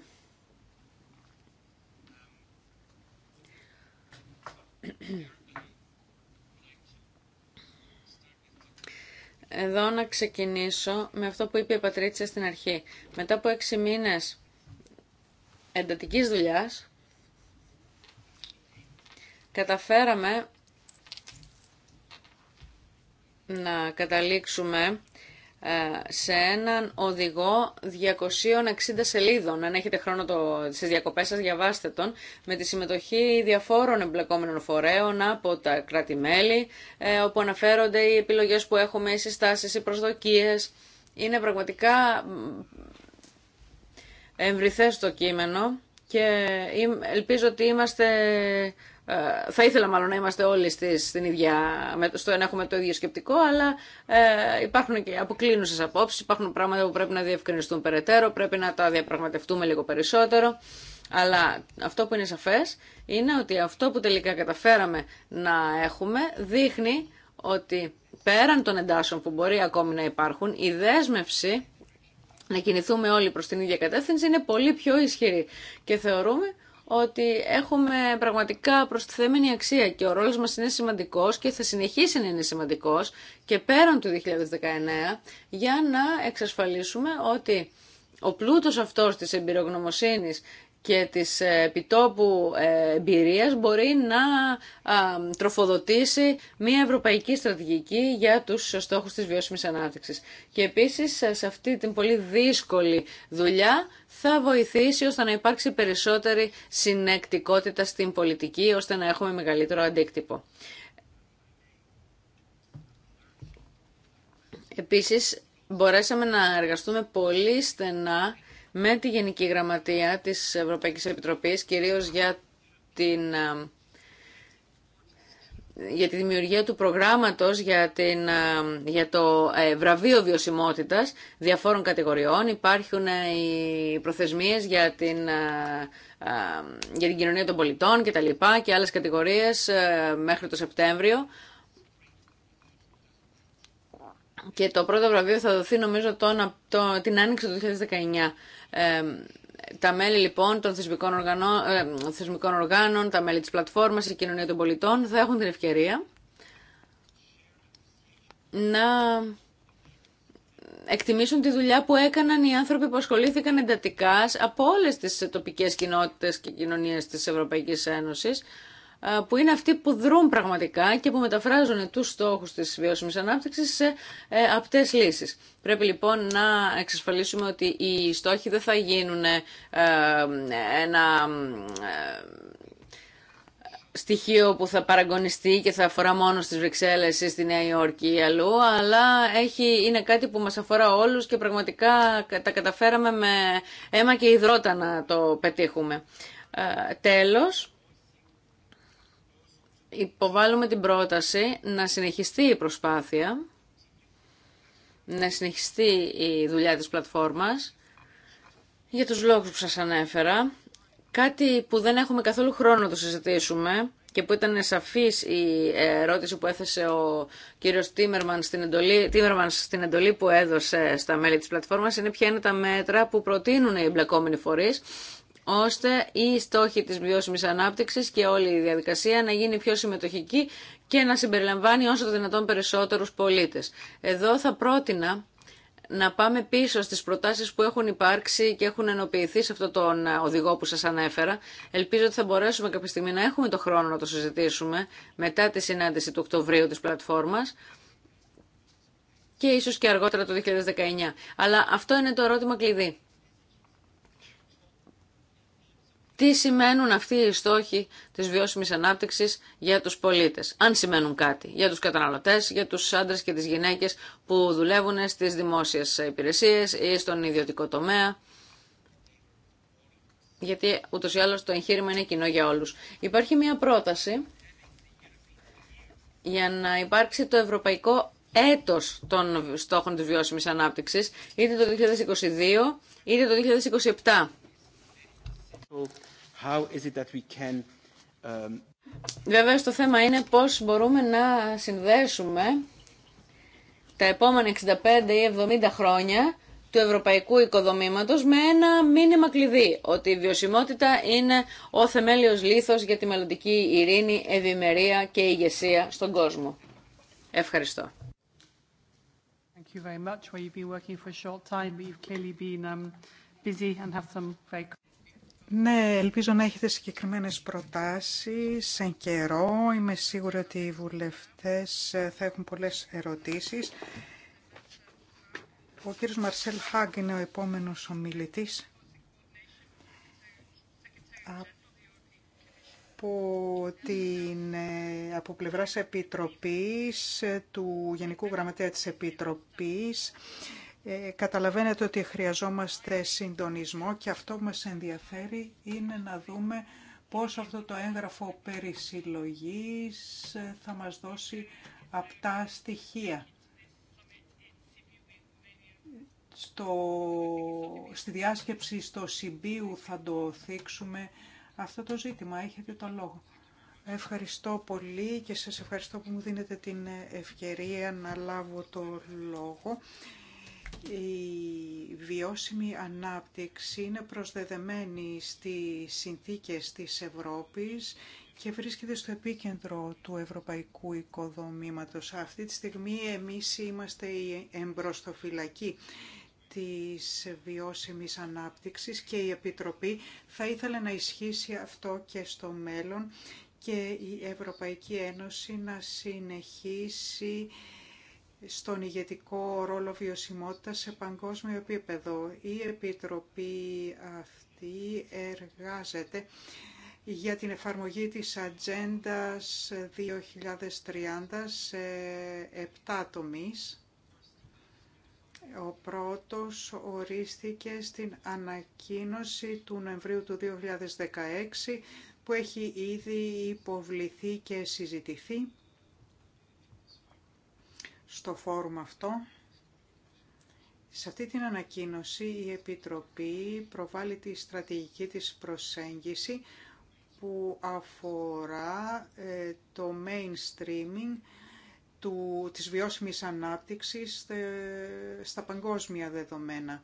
εδώ να ξεκινήσω με αυτό που είπε η Πατρίτσια στην αρχή. Μετά από έξι μήνες εντατικής δουλειάς, καταφέραμε να καταλήξουμε ε, σε έναν οδηγό 260 σελίδων. Αν έχετε χρόνο το, στις διακοπές σας, διαβάστε τον, με τη συμμετοχή διαφόρων εμπλεκόμενων φορέων από τα κράτη-μέλη, ε, όπου αναφέρονται οι επιλογές που έχουμε, οι συστάσεις, οι προσδοκίες. Είναι πραγματικά εμβριθές το κείμενο και ελπίζω ότι είμαστε ε, θα ήθελα μάλλον να είμαστε όλοι στις, στην ίδια, στο να έχουμε το ίδιο σκεπτικό, αλλά ε, υπάρχουν και αποκλίνουσε απόψει, υπάρχουν πράγματα που πρέπει να διευκρινιστούν περαιτέρω, πρέπει να τα διαπραγματευτούμε λίγο περισσότερο. Αλλά αυτό που είναι σαφέ είναι ότι αυτό που τελικά καταφέραμε να έχουμε δείχνει ότι πέραν των εντάσσεων που μπορεί ακόμη να υπάρχουν, η δέσμευση να κινηθούμε όλοι προς την ίδια κατεύθυνση είναι πολύ πιο ισχυρή. Και θεωρούμε ότι έχουμε πραγματικά προστιθέμενη αξία και ο ρόλος μας είναι σημαντικός και θα συνεχίσει να είναι σημαντικός και πέραν του 2019 για να εξασφαλίσουμε ότι ο πλούτος αυτός της εμπειρογνωμοσύνης και της ε, επιτόπου ε, εμπειρία μπορεί να τροφοδοτήσει μια ευρωπαϊκή στρατηγική για τους στόχους της βιώσιμης ανάπτυξης. Και επίσης σε αυτή την πολύ δύσκολη δουλειά θα βοηθήσει ώστε να υπάρξει περισσότερη συνεκτικότητα στην πολιτική ώστε να έχουμε μεγαλύτερο αντίκτυπο. Επίσης μπορέσαμε να εργαστούμε πολύ στενά με τη Γενική Γραμματεία της Ευρωπαϊκής Επιτροπής, κυρίως για, την, για τη δημιουργία του προγράμματος για, την, για το ε, βραβείο βιωσιμότητας διαφόρων κατηγοριών. Υπάρχουν ε, οι προθεσμίες για την, για την κοινωνία των πολιτών και και άλλες κατηγορίες ε, μέχρι το Σεπτέμβριο και το πρώτο βραβείο θα δοθεί νομίζω τον, το, την άνοιξη του 2019. Ε, τα μέλη λοιπόν των θεσμικών, οργανώ, θεσμικών οργάνων, τα μέλη της πλατφόρμας, η κοινωνία των πολιτών θα έχουν την ευκαιρία να εκτιμήσουν τη δουλειά που έκαναν οι άνθρωποι που ασχολήθηκαν εντατικά από όλες τις τοπικές κοινότητες και κοινωνίες της Ευρωπαϊκής Ένωσης ε, που είναι αυτοί που δρούν πραγματικά και που μεταφράζουν τους στόχους της βιώσιμης ανάπτυξης σε ε, απτές λύσεις. Πρέπει λοιπόν να εξασφαλίσουμε ότι οι στόχοι δεν θα γίνουν ε, ένα στοιχείο που θα παραγωνιστεί και θα αφορά μόνο στις Βρυξέλλες ή στη Νέα Υόρκη ή αλλού, αλλά έχει, είναι κάτι που μας αφορά όλους και πραγματικά τα καταφέραμε με αίμα και υδρότα να το πετύχουμε. τέλος, υποβάλλουμε την πρόταση να συνεχιστεί η προσπάθεια, να συνεχιστεί η δουλειά της πλατφόρμας, για τους λόγους που σας ανέφερα. Κάτι που δεν έχουμε καθόλου χρόνο να το συζητήσουμε και που ήταν σαφής η ερώτηση που έθεσε ο κύριος Τίμερμαν στην, εντολή, Τίμερμαν στην εντολή που έδωσε στα μέλη της πλατφόρμας είναι ποια είναι τα μέτρα που προτείνουν οι εμπλεκόμενοι φορείς ώστε οι στόχοι της βιώσιμης ανάπτυξης και όλη η διαδικασία να γίνει πιο συμμετοχική και να συμπεριλαμβάνει όσο το δυνατόν περισσότερους πολίτες. Εδώ θα πρότεινα να πάμε πίσω στις προτάσεις που έχουν υπάρξει και έχουν ενοποιηθεί σε αυτό τον ε, οδηγό που σας ανέφερα. Ελπίζω ότι θα μπορέσουμε κάποια στιγμή να έχουμε το χρόνο να το συζητήσουμε μετά τη συνάντηση του Οκτωβρίου της πλατφόρμας και ίσως και αργότερα το 2019. Αλλά αυτό είναι το ερώτημα κλειδί. τι σημαίνουν αυτοί οι στόχοι της βιώσιμης ανάπτυξης για τους πολίτες. Αν σημαίνουν κάτι για τους καταναλωτές, για τους άντρες και τις γυναίκες που δουλεύουν στις δημόσιες υπηρεσίες ή στον ιδιωτικό τομέα. Γιατί ούτως ή άλλως το εγχείρημα είναι κοινό για όλους. Υπάρχει μια πρόταση για να υπάρξει το ευρωπαϊκό έτος των στόχων της βιώσιμης ανάπτυξης, είτε το 2022 είτε το 2027. Um, Βέβαια, το θέμα είναι πώς μπορούμε να συνδέσουμε τα επόμενα 65 ή 70 χρόνια του ευρωπαϊκού οικοδομήματος με ένα μήνυμα κλειδί, ότι η βιωσιμότητα είναι ο θεμέλιος λίθος για τη μελλοντική ειρήνη, ευημερία και ηγεσία στον κόσμο. Ευχαριστώ. Thank you very much. Well, been working for a short time, but clearly been um, busy and have some very ναι, ελπίζω να έχετε συγκεκριμένες προτάσεις σε καιρό. Είμαι σίγουρη ότι οι βουλευτές ε, θα έχουν πολλές ερωτήσεις. Ο κύριος Μαρσέλ Χάγκ είναι ο επόμενος ομιλητής από, την, ε, από πλευράς Επιτροπής, ε, του Γενικού Γραμματέα της Επιτροπής ε, καταλαβαίνετε ότι χρειαζόμαστε συντονισμό και αυτό που μας ενδιαφέρει είναι να δούμε πώς αυτό το έγγραφο περί ε, θα μας δώσει απτά στοιχεία. Στο, στη διάσκεψη στο Συμπίου θα το θίξουμε αυτό το ζήτημα. Έχετε το λόγο. Ευχαριστώ πολύ και σας ευχαριστώ που μου δίνετε την ευκαιρία να λάβω το λόγο. Η βιώσιμη ανάπτυξη είναι προσδεδεμένη στις συνθήκες της Ευρώπης και βρίσκεται στο επίκεντρο του ευρωπαϊκού οικοδομήματος. Αυτή τη στιγμή εμείς είμαστε η εμπροστοφυλακή της βιώσιμης ανάπτυξης και η Επιτροπή θα ήθελε να ισχύσει αυτό και στο μέλλον και η Ευρωπαϊκή Ένωση να συνεχίσει στον ηγετικό ρόλο βιωσιμότητας σε παγκόσμιο επίπεδο. Η Επιτροπή αυτή εργάζεται για την εφαρμογή της Ατζέντα 2030 σε επτά τομείς. Ο πρώτος ορίστηκε στην ανακοίνωση του Νοεμβρίου του 2016 που έχει ήδη υποβληθεί και συζητηθεί στο φόρουμ αυτό. Σε αυτή την ανακοίνωση η Επιτροπή προβάλλει τη στρατηγική της προσέγγιση που αφορά ε, το mainstreaming του, της βιώσιμης ανάπτυξης ε, στα παγκόσμια δεδομένα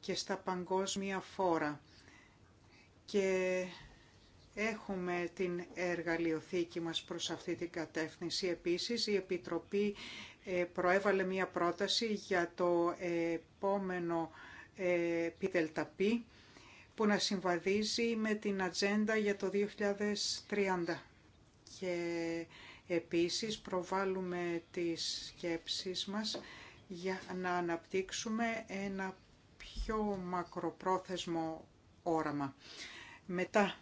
και στα παγκόσμια φόρα. Και έχουμε την εργαλειοθήκη μας προς αυτή την κατεύθυνση. Επίσης, η Επιτροπή ε, προέβαλε μία πρόταση για το επόμενο ε, ΠΙΔΕΛΤΑΠΗ που να συμβαδίζει με την ατζέντα για το 2030. Και επίσης προβάλλουμε τις σκέψεις μας για να αναπτύξουμε ένα πιο μακροπρόθεσμο όραμα. Μετά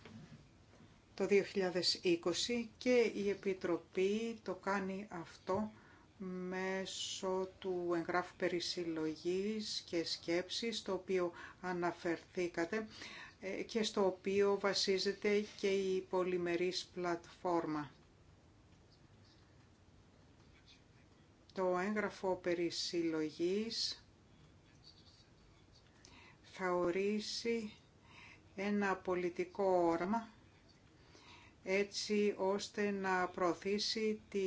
το 2020 και η Επιτροπή το κάνει αυτό μέσω του εγγράφου περισυλλογής και σκέψης, το οποίο αναφερθήκατε ε, και στο οποίο βασίζεται και η πολυμερής πλατφόρμα. Το έγγραφο περισυλλογής θα ορίσει ένα πολιτικό όραμα έτσι ώστε να προωθήσει τη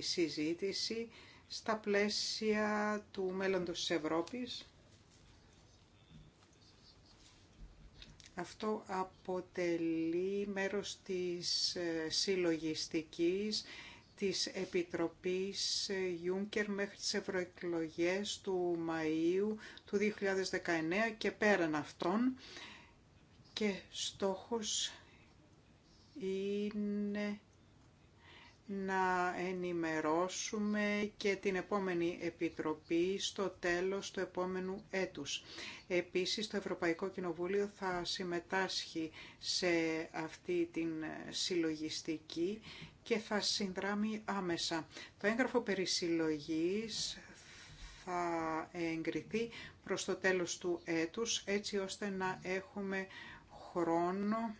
συζήτηση στα πλαίσια του μέλλοντος της Ευρώπης. Αυτό αποτελεί μέρος της ε, συλλογιστικής της Επιτροπής ε, Juncker μέχρι τις ευρωεκλογέ του Μαΐου του 2019 και πέραν αυτών και στόχος είναι να ενημερώσουμε και την επόμενη Επιτροπή στο τέλος του επόμενου έτους. Επίσης, το Ευρωπαϊκό Κοινοβούλιο θα συμμετάσχει σε αυτή την συλλογιστική και θα συνδράμει άμεσα. Το έγγραφο περί συλλογής θα εγκριθεί προς το τέλος του έτους, έτσι ώστε να έχουμε χρόνο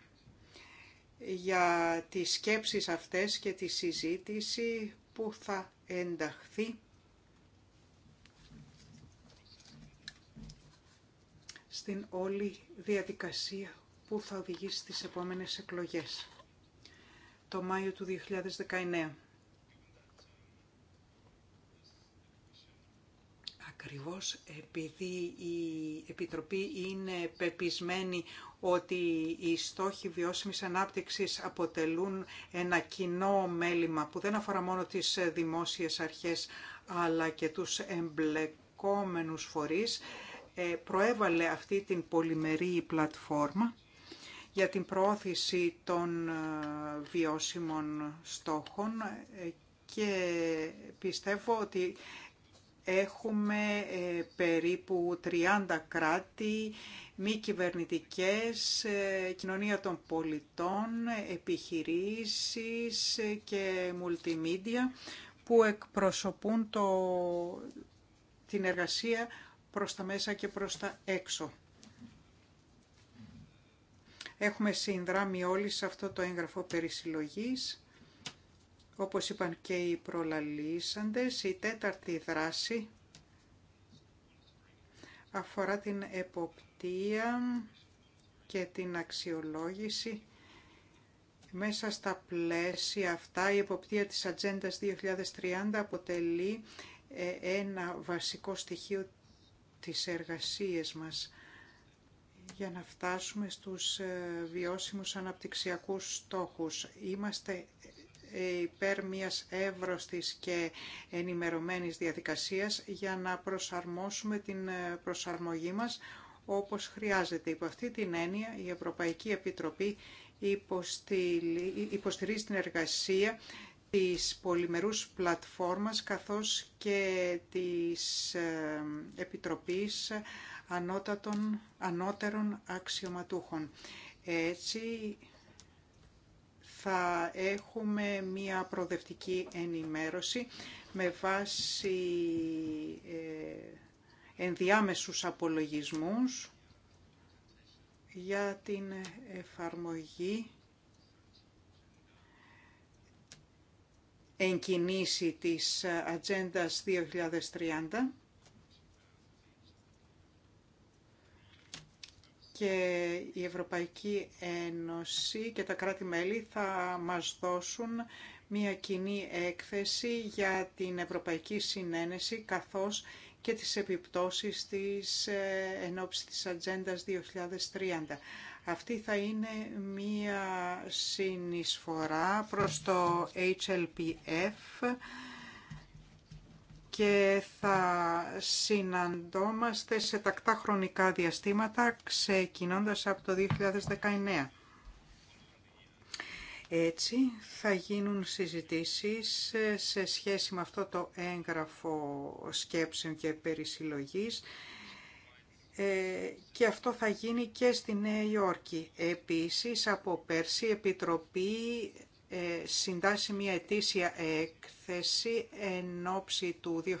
για τις σκέψεις αυτές και τη συζήτηση που θα ενταχθεί στην όλη διαδικασία που θα οδηγήσει στις επόμενες εκλογές το Μάιο του 2019. Ακριβώς επειδή η Επιτροπή είναι πεπισμένη ότι οι στόχοι βιώσιμης ανάπτυξης αποτελούν ένα κοινό μέλημα που δεν αφορά μόνο τις δημόσιες αρχές αλλά και τους εμπλεκόμενους φορείς, ε, προέβαλε αυτή την πολυμερή πλατφόρμα για την προώθηση των ε, βιώσιμων στόχων ε, και πιστεύω ότι Έχουμε ε, περίπου 30 κράτη, μη κυβερνητικές, ε, κοινωνία των πολιτών, επιχειρήσεις ε, και multimedia που εκπροσωπούν το, την εργασία προς τα μέσα και προς τα έξω. Έχουμε συνδράμει όλοι σε αυτό το έγγραφο περισυλλογής όπως είπαν και οι προλαλήσαντες, η τέταρτη δράση αφορά την εποπτεία και την αξιολόγηση. Μέσα στα πλαίσια αυτά η εποπτεία της Ατζέντα 2030 αποτελεί ε, ένα βασικό στοιχείο της εργασίας μας για να φτάσουμε στους ε, βιώσιμους αναπτυξιακούς στόχους. Είμαστε υπέρ μιας εύρωστης και ενημερωμένης διαδικασίας για να προσαρμόσουμε την ε, προσαρμογή μας όπως χρειάζεται. Υπό αυτή την έννοια η Ευρωπαϊκή Επιτροπή υποστηρίζει την εργασία της πολυμερούς πλατφόρμας καθώς και της ε, Επιτροπής Ανώτατων, Ανώτερων Αξιωματούχων. Έτσι θα έχουμε μία προοδευτική ενημέρωση με βάση ε, ενδιάμεσους απολογισμούς για την εφαρμογή εγκινήσει της Ατζέντα 2030 και η Ευρωπαϊκή Ένωση και τα κράτη-μέλη θα μας δώσουν μια κοινή έκθεση για την Ευρωπαϊκή Συνένεση καθώς και τις επιπτώσεις της ε, ενόψης της Ατζέντα 2030. Αυτή θα είναι μια συνεισφορά προς το HLPF και θα συναντόμαστε σε τακτά χρονικά διαστήματα ξεκινώντας από το 2019. Έτσι θα γίνουν συζητήσεις σε σχέση με αυτό το έγγραφο σκέψεων και περισυλλογής ε, και αυτό θα γίνει και στη Νέα Υόρκη. Επίσης από πέρσι Επιτροπή ε, συντάσσει μια ετήσια έκθεση εν ώψη του 2030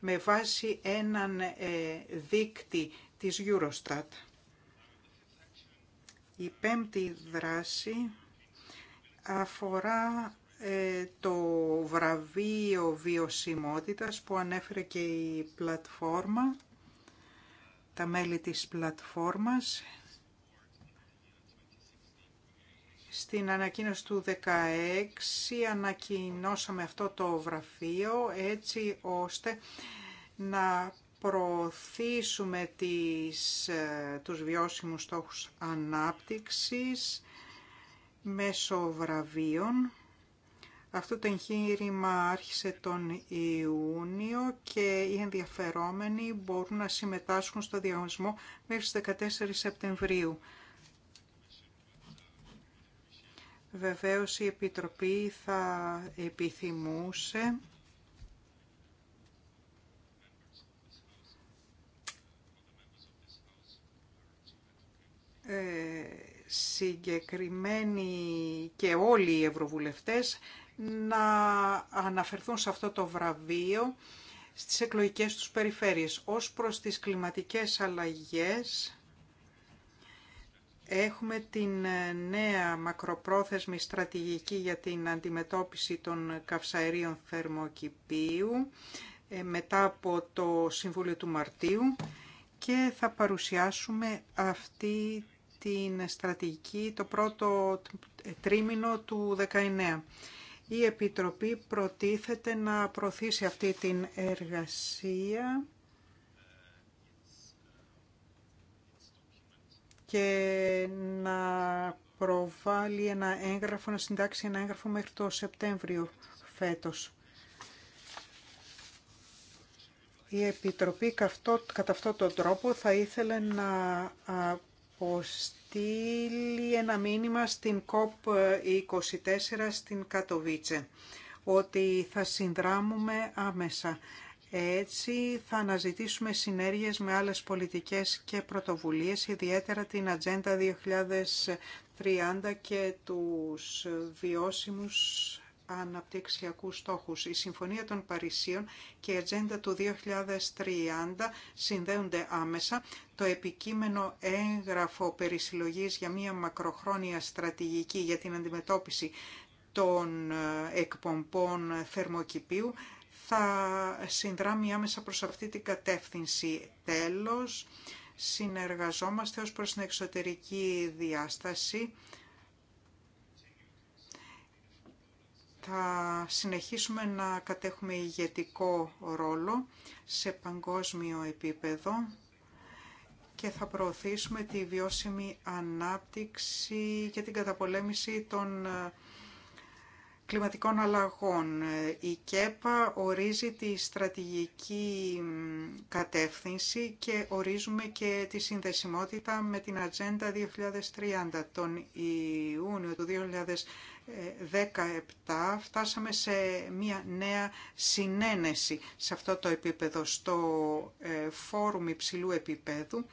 με βάση έναν ε, δίκτυ της Eurostat. Η πέμπτη δράση αφορά ε, το βραβείο βιωσιμότητας που ανέφερε και η πλατφόρμα, τα μέλη της πλατφόρμας Στην ανακοίνωση του 16 ανακοινώσαμε αυτό το γραφείο έτσι ώστε να προωθήσουμε τις, ε, τους βιώσιμους στόχους ανάπτυξης μέσω βραβείων. Αυτό το εγχείρημα άρχισε τον Ιούνιο και οι ενδιαφερόμενοι μπορούν να συμμετάσχουν στο διαγωνισμό μέχρι τις 14 Σεπτεμβρίου. Βεβαίως η Επιτροπή θα επιθυμούσε ε, συγκεκριμένοι και όλοι οι ευρωβουλευτές να αναφερθούν σε αυτό το βραβείο στις εκλογικές τους περιφέρειες. Ως προς τις κλιματικές αλλαγές Έχουμε την ε, νέα μακροπρόθεσμη στρατηγική για την αντιμετώπιση των καυσαερίων θερμοκηπίου ε, μετά από το Συμβούλιο του Μαρτίου και θα παρουσιάσουμε αυτή την στρατηγική το πρώτο τρίμηνο του 19. Η Επιτροπή προτίθεται να προωθήσει αυτή την εργασία και να προβάλλει ένα έγγραφο, να συντάξει ένα έγγραφο μέχρι το Σεπτέμβριο φέτος. Η Επιτροπή κατά αυτόν τον τρόπο θα ήθελε να αποστείλει ένα μήνυμα στην COP24 στην Κατοβίτσε ότι θα συνδράμουμε άμεσα έτσι θα αναζητήσουμε συνέργειες με άλλες πολιτικές και πρωτοβουλίες, ιδιαίτερα την Ατζέντα 2030 και τους βιώσιμους αναπτυξιακούς στόχους. Η Συμφωνία των Παρισίων και η Ατζέντα του 2030 συνδέονται άμεσα. Το επικείμενο έγγραφο συλλογής για μια μακροχρόνια στρατηγική για την αντιμετώπιση των εκπομπών θερμοκηπίου θα συνδράμει άμεσα προς αυτή την κατεύθυνση. Τέλος, συνεργαζόμαστε ως προς την εξωτερική διάσταση. Θα συνεχίσουμε να κατέχουμε ηγετικό ρόλο σε παγκόσμιο επίπεδο και θα προωθήσουμε τη βιώσιμη ανάπτυξη και την καταπολέμηση των ε, κλιματικών αλλαγών. Η ΚΕΠΑ ορίζει τη στρατηγική κατεύθυνση και ορίζουμε και τη συνδεσιμότητα με την Ατζέντα 2030. Τον Ιούνιο του 2017 φτάσαμε σε μια νέα συνένεση σε αυτό το επίπεδο, στο ε, φόρουμ υψηλού επίπεδου.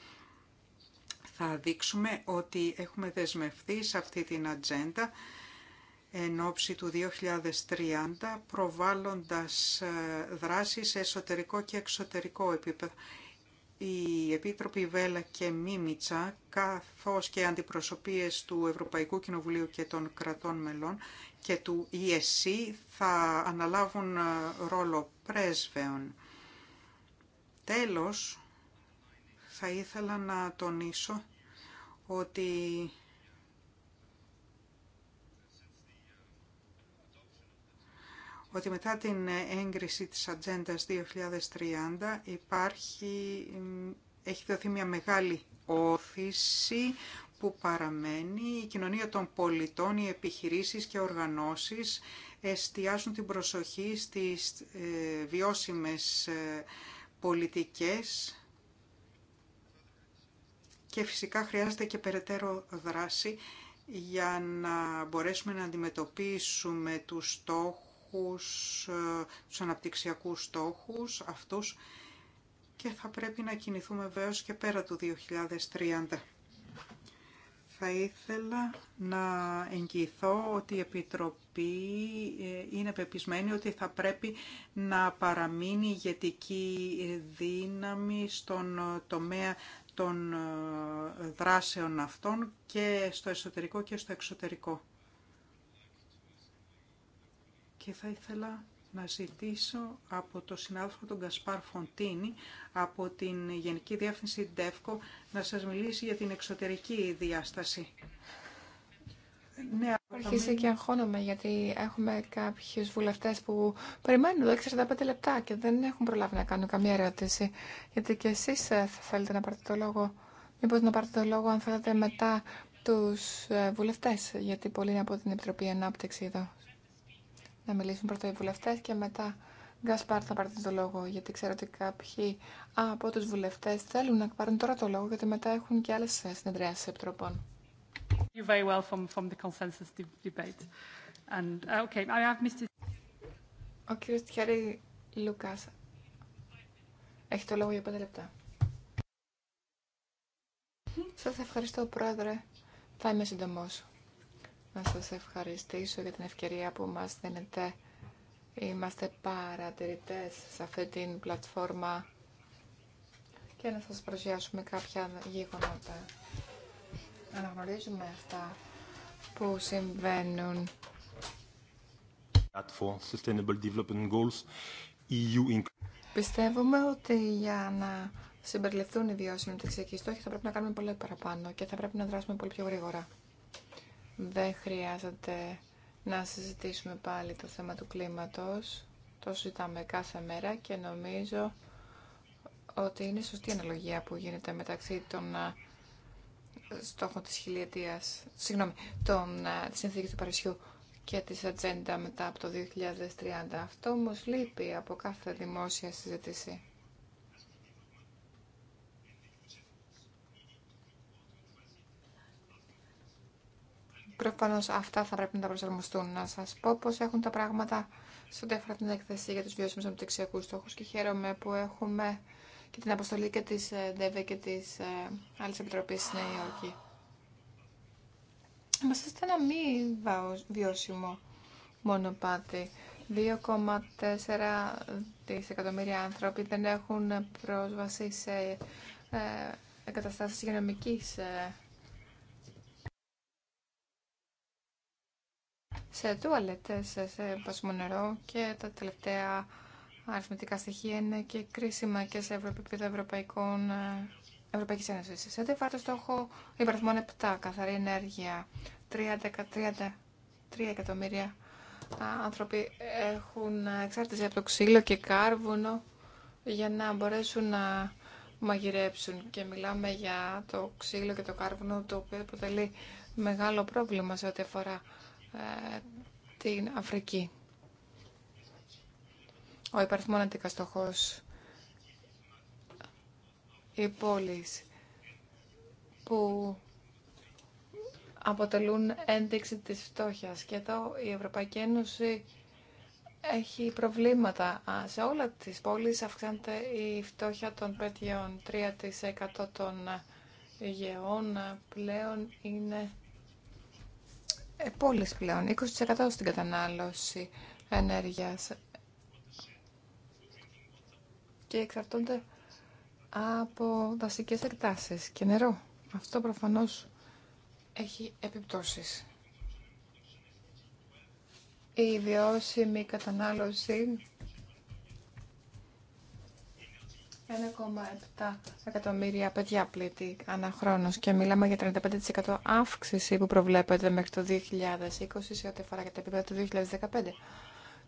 Θα δείξουμε ότι έχουμε δεσμευτεί σε αυτή την ατζέντα εν ώψη του 2030, προβάλλοντας ε, δράσεις σε εσωτερικό και εξωτερικό επίπεδο. η Επίτροποι Βέλα και Μίμητσα, καθώς και αντιπροσωπείες του Ευρωπαϊκού Κοινοβουλίου και των κρατών μελών και του ESC, θα αναλάβουν ε, ρόλο πρέσβεων. Τέλος, θα ήθελα να τονίσω ότι ότι μετά την έγκριση της Ατζέντα 2030 υπάρχει, έχει δοθεί μια μεγάλη όθηση που παραμένει. Η κοινωνία των πολιτών, οι επιχειρήσεις και οργανώσεις εστιάζουν την προσοχή στις ε, βιώσιμες ε, πολιτικές και φυσικά χρειάζεται και περαιτέρω δράση για να μπορέσουμε να αντιμετωπίσουμε τους στόχους στόχους, ε, τους αναπτυξιακούς στόχους αυτούς και θα πρέπει να κινηθούμε βέβαιως και πέρα του 2030. Θα ήθελα να εγγυηθώ ότι η Επιτροπή ε, είναι πεπισμένη ότι θα πρέπει να παραμείνει ηγετική δύναμη στον τομέα των ε, δράσεων αυτών και στο εσωτερικό και στο εξωτερικό και θα ήθελα να ζητήσω από το συνάδελφο τον Κασπάρ Φοντίνη από την Γενική Διεύθυνση ΔΕΦΚΟ να σας μιλήσει για την εξωτερική διάσταση. Ναι, Αρχίζει και αγχώνομαι γιατί έχουμε κάποιους βουλευτές που περιμένουν εδώ 45 λεπτά και δεν έχουν προλάβει να κάνουν καμία ερώτηση. Γιατί και εσείς ε, θα θέλετε να πάρετε το λόγο. Μήπως να πάρετε το λόγο αν θέλετε μετά τους ε, βουλευτές, γιατί πολλοί είναι από την Επιτροπή Ανάπτυξη εδώ να μιλήσουν πρώτα οι βουλευτές και μετά Γκασπάρ θα πάρει το λόγο, γιατί ξέρω ότι κάποιοι από του βουλευτέ θέλουν να πάρουν τώρα το λόγο, γιατί μετά έχουν και άλλες συνεδριάσει επιτροπών. Ο κύριο Τιχάρη Λουκάς έχει το λόγο για πέντε λεπτά. Σα ευχαριστώ, Πρόεδρε. Θα είμαι συντομό να σας ευχαριστήσω για την ευκαιρία που μας δίνετε. Είμαστε παρατηρητές σε αυτή την πλατφόρμα και να σας παρουσιάσουμε κάποια γεγονότα. Αναγνωρίζουμε αυτά που συμβαίνουν. E Πιστεύουμε ότι για να συμπεριληφθούν οι βιώσιμοι μεταξιακοί στόχοι θα πρέπει να κάνουμε πολύ παραπάνω και θα πρέπει να δράσουμε πολύ πιο γρήγορα. Δεν χρειάζεται να συζητήσουμε πάλι το θέμα του κλίματος. Το συζητάμε κάθε μέρα και νομίζω ότι είναι σωστή αναλογία που γίνεται μεταξύ των ε, στόχων της χιλιετίας, συγγνώμη, των, ε, της συνθήκης του Παρισιού και της ατζέντα μετά από το 2030. Αυτό όμω λείπει από κάθε δημόσια συζήτηση. σε αυτά θα πρέπει να τα προσαρμοστούν. Να σα πω πώ έχουν τα πράγματα σε ό,τι αφορά την έκθεση για του βιώσιμου αναπτυξιακού στόχου και χαίρομαι που έχουμε και την αποστολή και τη ε, ΔΕΒΕ και τη ε, άλλη επιτροπή στη Νέα Υόρκη. Μα ήταν ένα μη βιώσιμο μονοπάτι. 2,4 δισεκατομμύρια άνθρωποι δεν έχουν πρόσβαση σε ε, εγκαταστάσεις υγειονομικής σε τουαλέτες, σε πασμό νερό και τα τελευταία αριθμητικά στοιχεία είναι και κρίσιμα και σε επίπεδο ευρωπαϊκών ε, Ευρωπαϊκής Ένωσης. Σε ό,τι το στόχο υπερθμών 7, καθαρή ενέργεια, 33 εκατομμύρια άνθρωποι έχουν εξάρτηση από το ξύλο και κάρβουνο για να μπορέσουν να μαγειρέψουν. Και μιλάμε για το ξύλο και το κάρβουνο, το οποίο αποτελεί μεγάλο πρόβλημα σε ό,τι αφορά ε, την Αφρική. Ο υπαριθμόν αντικαστοχός οι πόλεις που αποτελούν ένδειξη της φτώχειας. Και εδώ η Ευρωπαϊκή Ένωση έχει προβλήματα. Σε όλα τις πόλεις αυξάνεται η φτώχεια των παιδιών. 3% των γεών πλέον είναι ε, πόλεις πλέον, 20% στην κατανάλωση ενέργειας και εξαρτώνται από δασικές εκτάσεις και νερό. Αυτό προφανώς έχει επιπτώσεις. Η βιώσιμη κατανάλωση 1,7 εκατομμύρια παιδιά πλήττει ανά και μιλάμε για 35% αύξηση που προβλέπεται μέχρι το 2020 σε ό,τι αφορά για τα επίπεδα του 2015.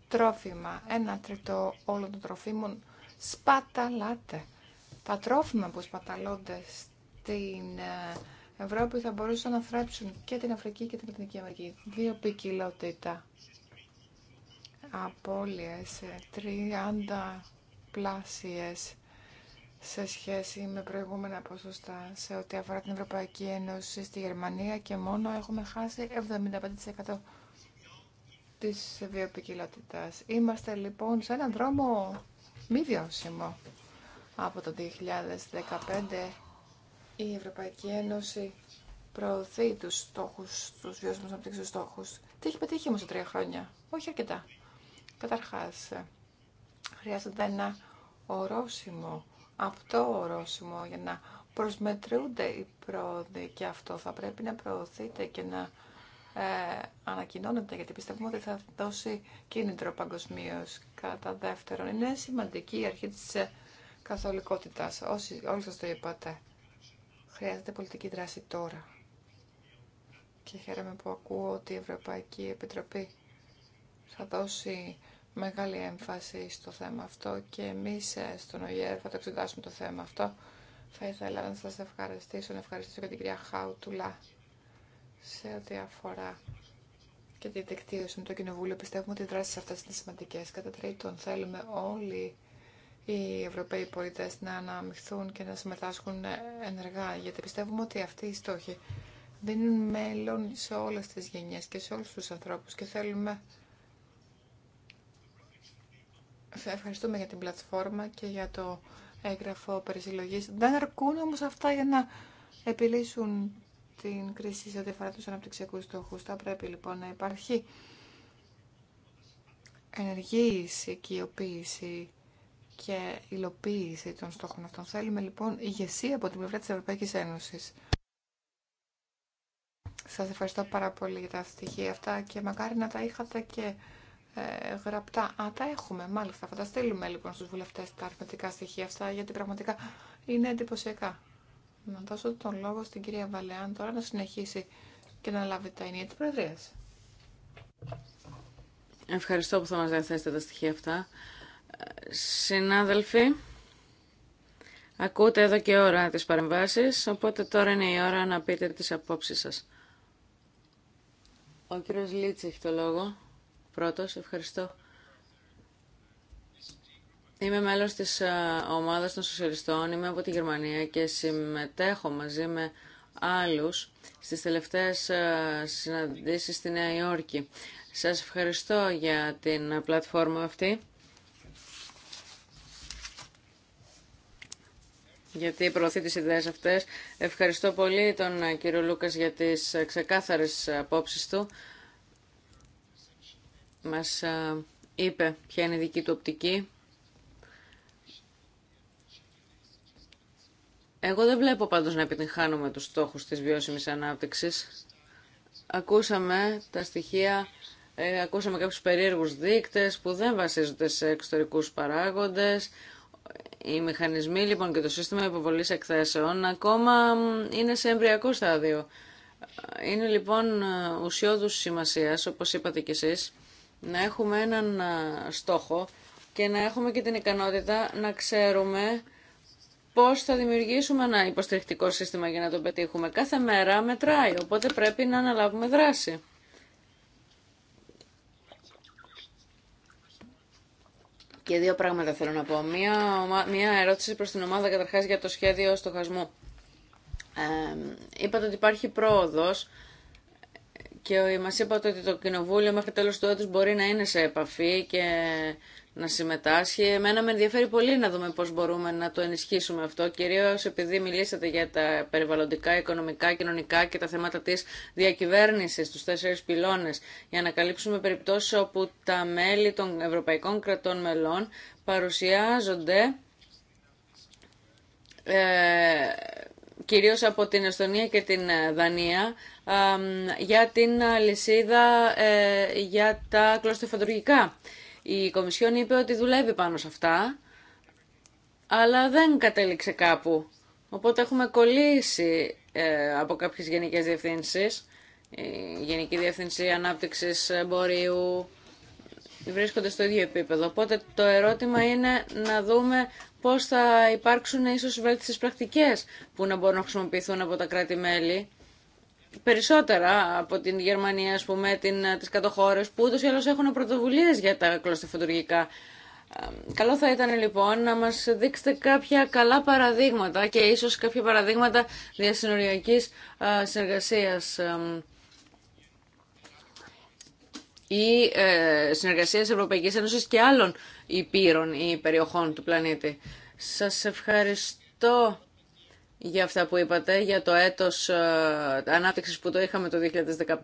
Τρόφιμα. Ένα τρίτο όλων των τροφίμων σπαταλάται. Τα τρόφιμα που σπαταλώνται στην ε, Ευρώπη θα μπορούσαν να θρέψουν και την Αφρική και την Λατινική Αμερική. Δύο ποικιλότητα. Απόλυες, 30 ε, πλάσιες σε σχέση με προηγούμενα ποσοστά σε ό,τι αφορά την Ευρωπαϊκή Ένωση στη Γερμανία και μόνο έχουμε χάσει 75% της βιοπικιλότητας. Είμαστε λοιπόν σε έναν δρόμο μη βιώσιμο. Από το 2015 η Ευρωπαϊκή Ένωση προωθεί τους στόχους, τους βιώσιμους αναπτύξεις στόχους. Τι έχει πετύχει όμως σε τρία χρόνια. Όχι αρκετά. Καταρχάς, χρειάζεται ένα ορόσημο αυτό ορόσημο για να προσμετρούνται οι πρόοδοι και αυτό θα πρέπει να προωθείται και να ε, γιατί πιστεύουμε ότι θα δώσει κίνητρο παγκοσμίω. Κατά δεύτερον, είναι σημαντική η αρχή της ε, καθολικότητας. Όσοι, όλοι σας το είπατε. Χρειάζεται πολιτική δράση τώρα. Και χαίρομαι που ακούω ότι η Ευρωπαϊκή Επιτροπή θα δώσει μεγάλη έμφαση στο θέμα αυτό και εμείς ε, στον ΟΙΕΡ θα το εξετάσουμε το θέμα αυτό. Θα ήθελα να σας ευχαριστήσω, να ευχαριστήσω και την κυρία Χάουτουλα σε ό,τι αφορά και τη δικτύωση με το Κοινοβούλιο. Πιστεύουμε ότι οι δράσεις αυτές είναι σημαντικές. Κατά τρίτον, θέλουμε όλοι οι Ευρωπαίοι πολίτες να αναμειχθούν και να συμμετάσχουν ε, ενεργά, γιατί πιστεύουμε ότι αυτοί οι στόχοι δίνουν μέλλον σε όλες τις γενιές και σε όλους τους ανθρώπους και θέλουμε ευχαριστούμε για την πλατφόρμα και για το έγγραφο περισυλλογή. Δεν αρκούν όμω αυτά για να επιλύσουν την κρίση σε ό,τι αφορά του αναπτυξιακού στόχου. Θα πρέπει λοιπόν να υπάρχει ενεργή οικειοποίηση και υλοποίηση των στόχων αυτών. Θέλουμε λοιπόν ηγεσία από την πλευρά της Ευρωπαϊκής Ένωσης. Σας ευχαριστώ πάρα πολύ για τα στοιχεία αυτά και μακάρι να τα είχατε και ε, γραπτά. Α, τα έχουμε, μάλιστα. Θα τα στείλουμε λοιπόν στους βουλευτές τα αρνητικά στοιχεία αυτά, γιατί πραγματικά είναι εντυπωσιακά. Να δώσω τον λόγο στην κυρία Βαλεάν τώρα να συνεχίσει και να λάβει τα ενία της Προεδρίας. Ευχαριστώ που θα μας διαθέσετε τα στοιχεία αυτά. Συνάδελφοι, ακούτε εδώ και ώρα τις παρεμβάσεις, οπότε τώρα είναι η ώρα να πείτε τις απόψεις σας. Ο κύριος Λίτς έχει το λόγο. Πρώτος, ευχαριστώ. Είμαι μέλος της ε, ομάδας των σοσιαλιστών, είμαι από τη Γερμανία και συμμετέχω μαζί με άλλους στις τελευταίες ε, συναντήσεις στη Νέα Υόρκη. Σας ευχαριστώ για την πλατφόρμα αυτή. γιατί προωθεί τις ιδέες αυτές. Ευχαριστώ πολύ τον ε, κύριο Λούκας για τις ξεκάθαρες απόψεις του μας ε, είπε ποια είναι η δική του οπτική. Εγώ δεν βλέπω πάντως να επιτυγχάνουμε τους στόχους της βιώσιμης ανάπτυξης. Ακούσαμε τα στοιχεία, ε, ακούσαμε κάποιους περίεργους δείκτες που δεν βασίζονται σε εξωτερικούς παράγοντες. Οι μηχανισμοί λοιπόν και το σύστημα υποβολής εκθέσεων ακόμα είναι σε εμβριακό στάδιο. Ε, είναι λοιπόν ουσιώδους σημασίας, όπως είπατε κι εσείς, να έχουμε έναν στόχο και να έχουμε και την ικανότητα να ξέρουμε πώς θα δημιουργήσουμε ένα υποστηρικτικό σύστημα για να το πετύχουμε. Κάθε μέρα μετράει, οπότε πρέπει να αναλάβουμε δράση. Και δύο πράγματα θέλω να πω. Μία, μία ερώτηση προς την ομάδα καταρχάς για το σχέδιο στοχασμού. Ε, είπατε ότι υπάρχει πρόοδος και μα είπατε ότι το Κοινοβούλιο μέχρι τέλο του έτου μπορεί να είναι σε επαφή και να συμμετάσχει. Εμένα με ενδιαφέρει πολύ να δούμε πώς μπορούμε να το ενισχύσουμε αυτό, κυρίως επειδή μιλήσατε για τα περιβαλλοντικά, οικονομικά, κοινωνικά και τα θέματα της διακυβέρνησης, του τέσσερις πυλώνες, για να καλύψουμε περιπτώσει όπου τα μέλη των ευρωπαϊκών κρατών μελών παρουσιάζονται ε, κυρίως από την Εστονία και την ε, Δανία για την ε, λυσίδα ε, για τα κλωστοφαντουργικά. Η Κομισιόν είπε ότι δουλεύει πάνω σε αυτά, αλλά δεν κατέληξε κάπου. Οπότε έχουμε κολλήσει από κάποιες γενικές διευθύνσεις. Η Γενική Διευθυνσή Ανάπτυξης Εμπορίου, βρίσκονται στο ίδιο επίπεδο. Οπότε το ερώτημα είναι να δούμε πώς θα υπάρξουν ίσως βέλτιστες πρακτικές που να μπορούν να χρησιμοποιηθούν από τα κράτη-μέλη περισσότερα από την Γερμανία, ας πούμε, την, ε, τις που ούτως ή άλλως έχουν πρωτοβουλίες για τα κλωστοφαντουργικά. Ε, καλό θα ήταν λοιπόν να μας δείξετε κάποια καλά παραδείγματα και ίσως κάποια παραδείγματα διασυνοριακής ε, συνεργασίας η ε, συνεργασία της Ευρωπαϊκής Ένωσης και άλλων υπήρων ή περιοχών του πλανήτη. Σας ευχαριστώ για αυτά που είπατε, για το έτος ε, ανάπτυξης που το είχαμε το 2015.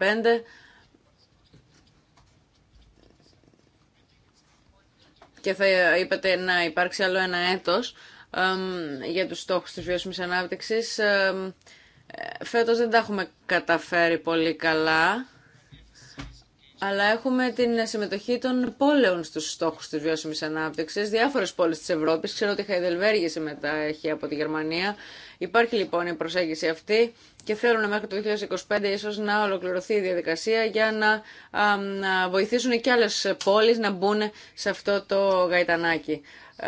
Και θα είπατε να υπάρξει άλλο ένα έτος για τους στόχους της βιώσιμης ανάπτυξης. Ε, φέτος δεν τα έχουμε καταφέρει πολύ καλά αλλά έχουμε την συμμετοχή των πόλεων στους στόχους της βιώσιμης ανάπτυξης, διάφορες πόλεις της Ευρώπης, ξέρω ότι η Χαϊδελβέργη συμμετέχει από τη Γερμανία. Υπάρχει λοιπόν η προσέγγιση αυτή και θέλουν μέχρι το 2025 ίσως να ολοκληρωθεί η διαδικασία για να, βοηθήσουν και άλλες πόλεις να μπουν σε αυτό το γαϊτανάκι. Ε,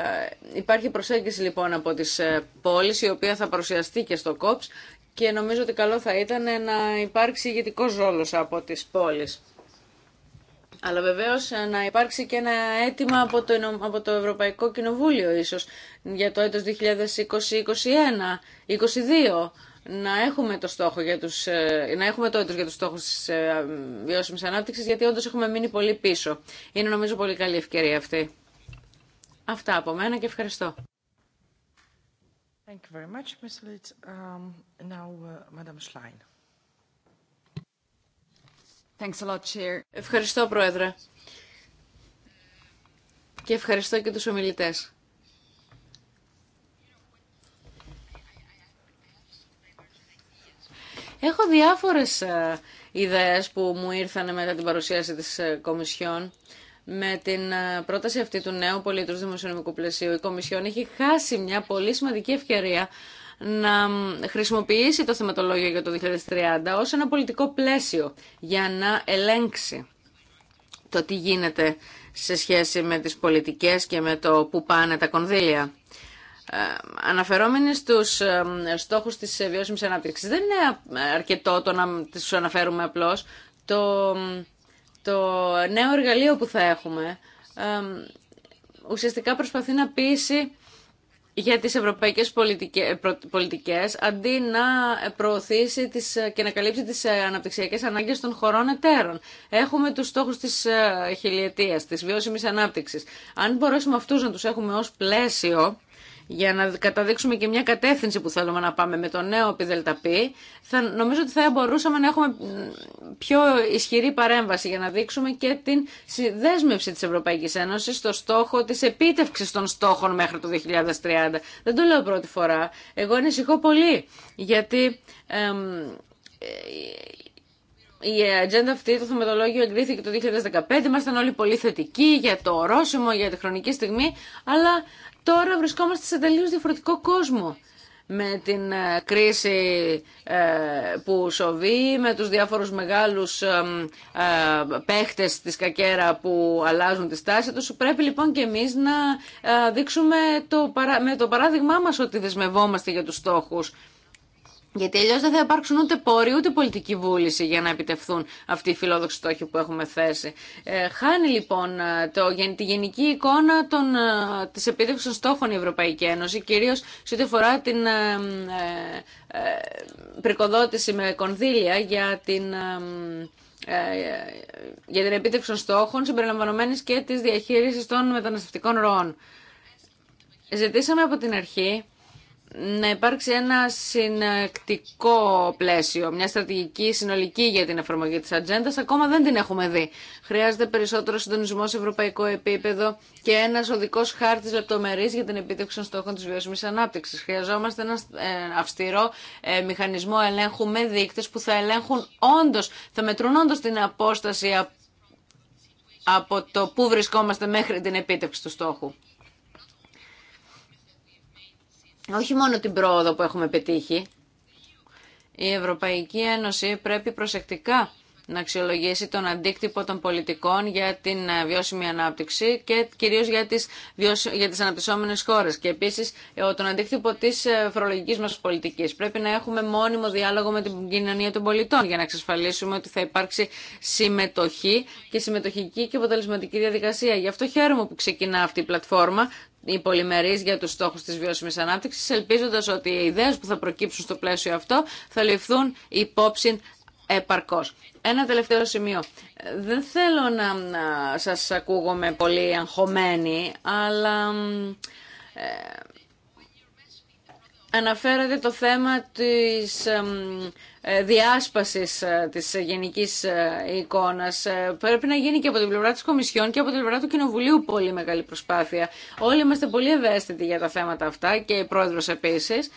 υπάρχει προσέγγιση λοιπόν από τις ε, πόλεις η οποία θα παρουσιαστεί και στο ΚΟΠΣ και νομίζω ότι καλό θα ήταν να υπάρξει ηγετικός ρόλος από τις πόλεις. Αλλά βεβαίω ε, να υπάρξει και ένα αίτημα από το, από το Ευρωπαϊκό Κοινοβούλιο ίσως για το έτος 2020-2021, 2022 να έχουμε το στόχο για τους, ε, να έχουμε το έτος για τους στόχους ε, βιώσιμης ανάπτυξης, γιατί όντως έχουμε μείνει πολύ πίσω. Είναι νομίζω πολύ καλή ευκαιρία αυτή. Αυτά από μένα και ευχαριστώ. Thank you very much, Ms. Um, now, uh, Ευχαριστώ, Πρόεδρε. Και ευχαριστώ και τους ομιλητές. Έχω διάφορες ε, ιδέες που μου ήρθαν μετά την παρουσίαση της ε, Κομισιόν. Με την ε, πρόταση αυτή του νέου πολίτρου δημοσιονομικού πλαισίου, η Κομισιόν έχει χάσει μια πολύ σημαντική ευκαιρία να χρησιμοποιήσει το θεματολόγιο για το 2030 ως ένα πολιτικό πλαίσιο για να ελέγξει το τι γίνεται σε σχέση με τις πολιτικές και με το που πάνε τα κονδύλια. Ε, αναφερόμενοι στους ε, στόχους της ε, βιώσιμης ανάπτυξης, δεν είναι αρκετό το να τους αναφέρουμε απλώς. Το, το νέο εργαλείο που θα έχουμε ουσιαστικά προσπαθεί να πείσει για τις ευρωπαϊκές πολιτικές αντί να προωθήσει τις, ε, και να καλύψει τις ε, αναπτυξιακές ανάγκες των χωρών εταίρων. Έχουμε τους στόχους της ε, χιλιετίας, της βιώσιμης ανάπτυξης. Αν μπορέσουμε αυτούς να τους έχουμε ως πλαίσιο για να καταδείξουμε και μια κατεύθυνση που θέλουμε να πάμε με το νέο πιδελταπή, θα, νομίζω ότι θα μπορούσαμε να έχουμε πιο ισχυρή παρέμβαση για να δείξουμε και την δέσμευση της Ευρωπαϊκής Ένωσης στο στόχο της επίτευξης των στόχων μέχρι το 2030. Δεν το λέω πρώτη φορά. Εγώ ανησυχώ πολύ, γιατί η ατζέντα αυτή, το θεματολόγιο εκδίθηκε το 2015, ήμασταν όλοι πολύ θετικοί για το ορόσημο, για τη χρονική στιγμή, αλλά τώρα βρισκόμαστε σε τελείω διαφορετικό κόσμο με την ε, κρίση ε, που σοβεί, με τους διάφορους μεγάλους ε, παίχτες της κακέρα που αλλάζουν τη στάση τους. Πρέπει λοιπόν και εμείς να δείξουμε το, με το παράδειγμά μας ότι δεσμευόμαστε για τους στόχους γιατί αλλιώ δεν θα υπάρξουν ούτε πόροι ούτε πολιτική βούληση για να επιτευχθούν αυτοί οι φιλόδοξοι στόχοι που έχουμε θέσει. Ε, χάνει λοιπόν ε, το, τη γενική εικόνα ε, τη επίτευξη των στόχων η Ευρωπαϊκή Ένωση, κυρίως σε ό,τι φορά την ε, ε, πρικοδότηση με κονδύλια για την για την επίτευξη των στόχων συμπεριλαμβανομένης και της διαχείρισης των μεταναστευτικών ροών. Ζητήσαμε από την αρχή να υπάρξει ένα συνεκτικό πλαίσιο, μια στρατηγική συνολική για την εφαρμογή της ατζέντα. Ακόμα δεν την έχουμε δει. Χρειάζεται περισσότερο συντονισμό σε ευρωπαϊκό επίπεδο και ένα οδικό χάρτη λεπτομερής για την επίτευξη των στόχων τη βιώσιμη ανάπτυξη. Χρειαζόμαστε ένα ε, αυστηρό ε, μηχανισμό ελέγχου με δείκτες που θα ελέγχουν όντω, θα μετρούν όντω την απόσταση από το πού βρισκόμαστε μέχρι την επίτευξη του στόχου όχι μόνο την πρόοδο που έχουμε πετύχει, η Ευρωπαϊκή Ένωση πρέπει προσεκτικά να αξιολογήσει τον αντίκτυπο των πολιτικών για την ε, βιώσιμη ανάπτυξη και κυρίως για τις, για τις αναπτυσσόμενες χώρες και επίσης ε, τον αντίκτυπο της ε, φορολογικής μας πολιτικής. Πρέπει να έχουμε μόνιμο διάλογο με την κοινωνία των πολιτών για να εξασφαλίσουμε ότι θα υπάρξει συμμετοχή και συμμετοχική και αποτελεσματική διαδικασία. Γι' αυτό χαίρομαι που ξεκινά αυτή η πλατφόρμα οι πολυμερεί για τους στόχους της βιώσιμης ανάπτυξης, ελπίζοντας ότι οι ιδέες που θα προκύψουν στο πλαίσιο αυτό θα ληφθούν υπόψη επαρκώς. Ένα τελευταίο σημείο. Δεν θέλω να, σα σας ακούγομαι πολύ αγχωμένη, αλλά... Ε, αναφέρατε το θέμα της ε, διάσπασης ε, της γενικής ε, εικόνας. Πρέπει να γίνει και από την πλευρά της Κομισιόν και από την πλευρά του Κοινοβουλίου πολύ μεγάλη προσπάθεια. Όλοι είμαστε πολύ ευαίσθητοι για τα θέματα αυτά και η Πρόεδρος επίσης.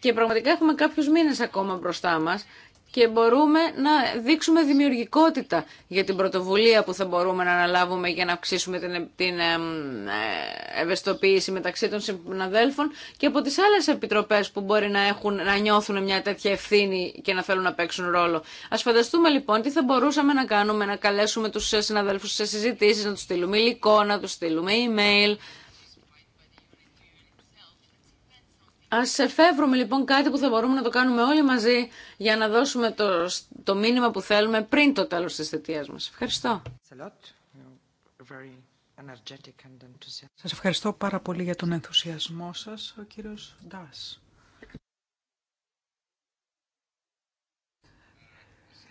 Και πραγματικά έχουμε κάποιους μήνες ακόμα μπροστά μας και μπορούμε να δείξουμε δημιουργικότητα για την πρωτοβουλία που θα μπορούμε να αναλάβουμε για να αυξήσουμε την, την ε, ευαισθητοποίηση μεταξύ των συναδέλφων και από τις άλλες επιτροπές που μπορεί να, έχουν, να νιώθουν μια τέτοια ευθύνη και να θέλουν να παίξουν ρόλο. Ας φανταστούμε λοιπόν τι θα μπορούσαμε να κάνουμε, να καλέσουμε τους συναδέλφους σε συζητήσεις, να τους στείλουμε υλικό, να τους στείλουμε email, Ας εφεύρουμε λοιπόν κάτι που θα μπορούμε να το κάνουμε όλοι μαζί για να δώσουμε το, το μήνυμα που θέλουμε πριν το τέλος της θετίας μας. Ευχαριστώ. Σας ευχαριστώ πάρα πολύ για τον ενθουσιασμό σας, ο κύριος Ντάς.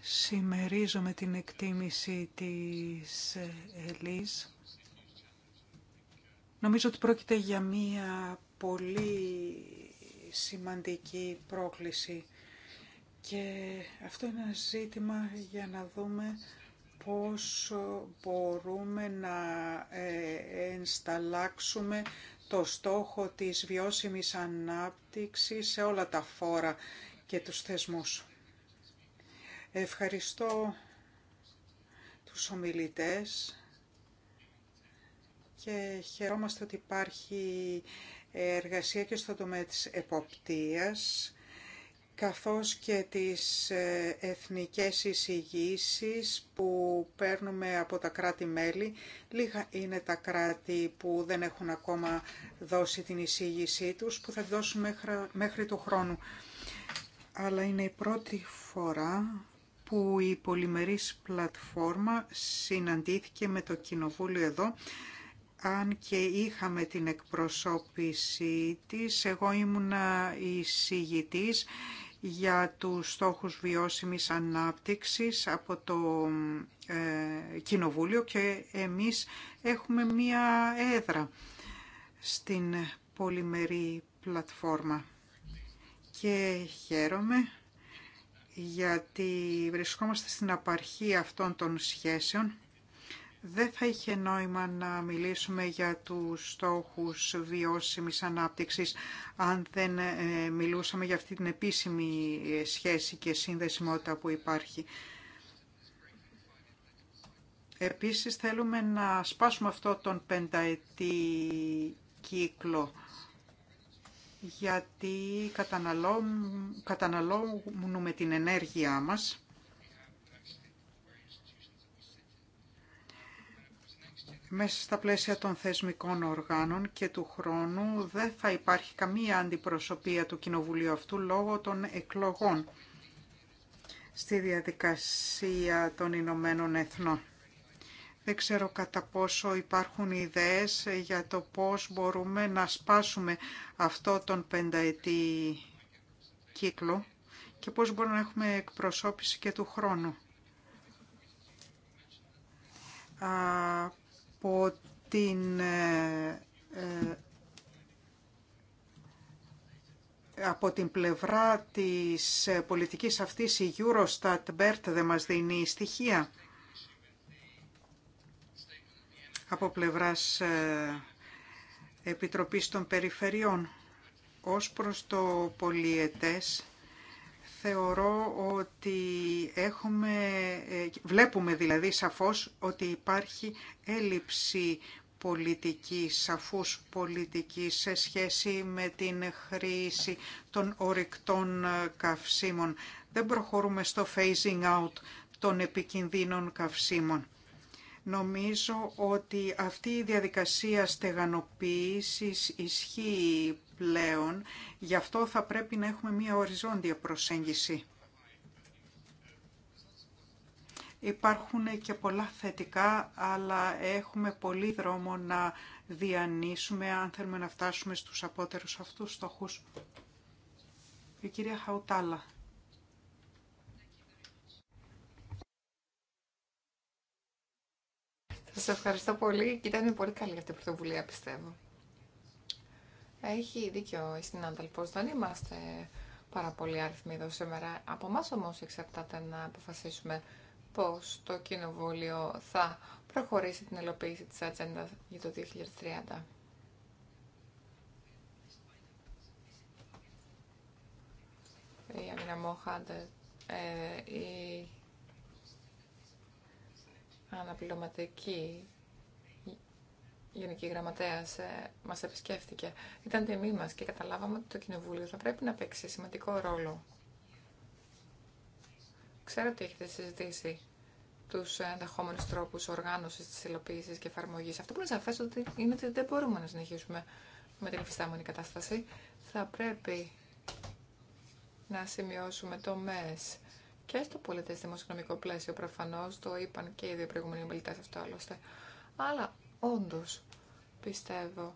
Σημερίζομαι την εκτίμηση της ε, Ελής. Νομίζω ότι πρόκειται για μία πολύ σημαντική πρόκληση και αυτό είναι ένα ζήτημα για να δούμε πώς μπορούμε να ε, ενσταλάξουμε το στόχο της βιώσιμης ανάπτυξης σε όλα τα φόρα και τους θεσμούς. Ευχαριστώ τους ομιλητές και χαιρόμαστε ότι υπάρχει εργασία και στο τομέα της εποπτείας, καθώς και τις ε, εθνικές εισηγήσεις που παίρνουμε από τα κράτη-μέλη. Λίγα είναι τα κράτη που δεν έχουν ακόμα δώσει την εισήγησή τους, που θα δώσουν μέχρι, μέχρι του χρόνου. Αλλά είναι η πρώτη φορά που η πολυμερής πλατφόρμα συναντήθηκε με το Κοινοβούλιο εδώ αν και είχαμε την εκπροσώπησή της, εγώ ήμουνα συγητής για τους στόχους βιώσιμης ανάπτυξης από το ε, Κοινοβούλιο και εμείς έχουμε μία έδρα στην πολυμερή πλατφόρμα. Και χαίρομαι γιατί βρισκόμαστε στην απαρχή αυτών των σχέσεων δεν θα είχε νόημα να μιλήσουμε για τους στόχους βιώσιμης ανάπτυξης αν δεν ε, μιλούσαμε για αυτή την επίσημη ε, σχέση και συνδεσιμότητα που υπάρχει. Επίσης θέλουμε να σπάσουμε αυτό τον πενταετή κύκλο γιατί καταναλώνουμε την ενέργειά μας μέσα στα πλαίσια των θεσμικών οργάνων και του χρόνου δεν θα υπάρχει καμία αντιπροσωπεία του Κοινοβουλίου αυτού λόγω των εκλογών στη διαδικασία των Ηνωμένων Εθνών. Δεν ξέρω κατά πόσο υπάρχουν ιδέες για το πώς μπορούμε να σπάσουμε αυτό τον πενταετή κύκλο και πώς μπορούμε να έχουμε εκπροσώπηση και του χρόνου από την ε, ε, από την πλευρά της πολιτικής αυτής η Eurostat BERT δεν μας δίνει στοιχεία από πλευράς ε, Επιτροπής των Περιφερειών ως προς το πολιετές θεωρώ ότι έχουμε, ε, βλέπουμε δηλαδή σαφώς ότι υπάρχει έλλειψη πολιτική, σαφούς πολιτική σε σχέση με την χρήση των ορυκτών ε, καυσίμων. Δεν προχωρούμε στο phasing out των επικινδύνων καυσίμων. Νομίζω ότι αυτή η διαδικασία στεγανοποίησης ισχύει πλέον, γι' αυτό θα πρέπει να έχουμε μία οριζόντια προσέγγιση. Υπάρχουν και πολλά θετικά, αλλά έχουμε πολύ δρόμο να διανύσουμε αν θέλουμε να φτάσουμε στους απότερους αυτούς στόχους. Η κυρία Χαουτάλα. Σας ευχαριστώ πολύ και ήταν πολύ καλή αυτή η πρωτοβουλία, πιστεύω. Έχει δίκιο η συνάδελφος, δεν είμαστε πάρα πολύ αριθμοί εδώ σήμερα. Από εμά όμως εξαρτάται να αποφασίσουμε πώς το Κοινοβούλιο θα προχωρήσει την ελοποίηση της ατζέντα για το 2030. Η ε, η αναπληρωματική γενική γραμματέα μα επισκέφθηκε. Ήταν τιμή μα και καταλάβαμε ότι το Κοινοβούλιο θα πρέπει να παίξει σημαντικό ρόλο. Ξέρω ότι έχετε συζητήσει του ενδεχόμενου τρόπου οργάνωση τη υλοποίηση και εφαρμογή. Αυτό που είναι σαφέ είναι ότι δεν μπορούμε να συνεχίσουμε με την υφιστάμενη κατάσταση. Θα πρέπει να σημειώσουμε το ΜΕΣ και στο πολιτέ πλαίσιο προφανώ, το είπαν και οι δύο προηγούμενοι μιλητέ αυτό άλλωστε. Αλλά όντω πιστεύω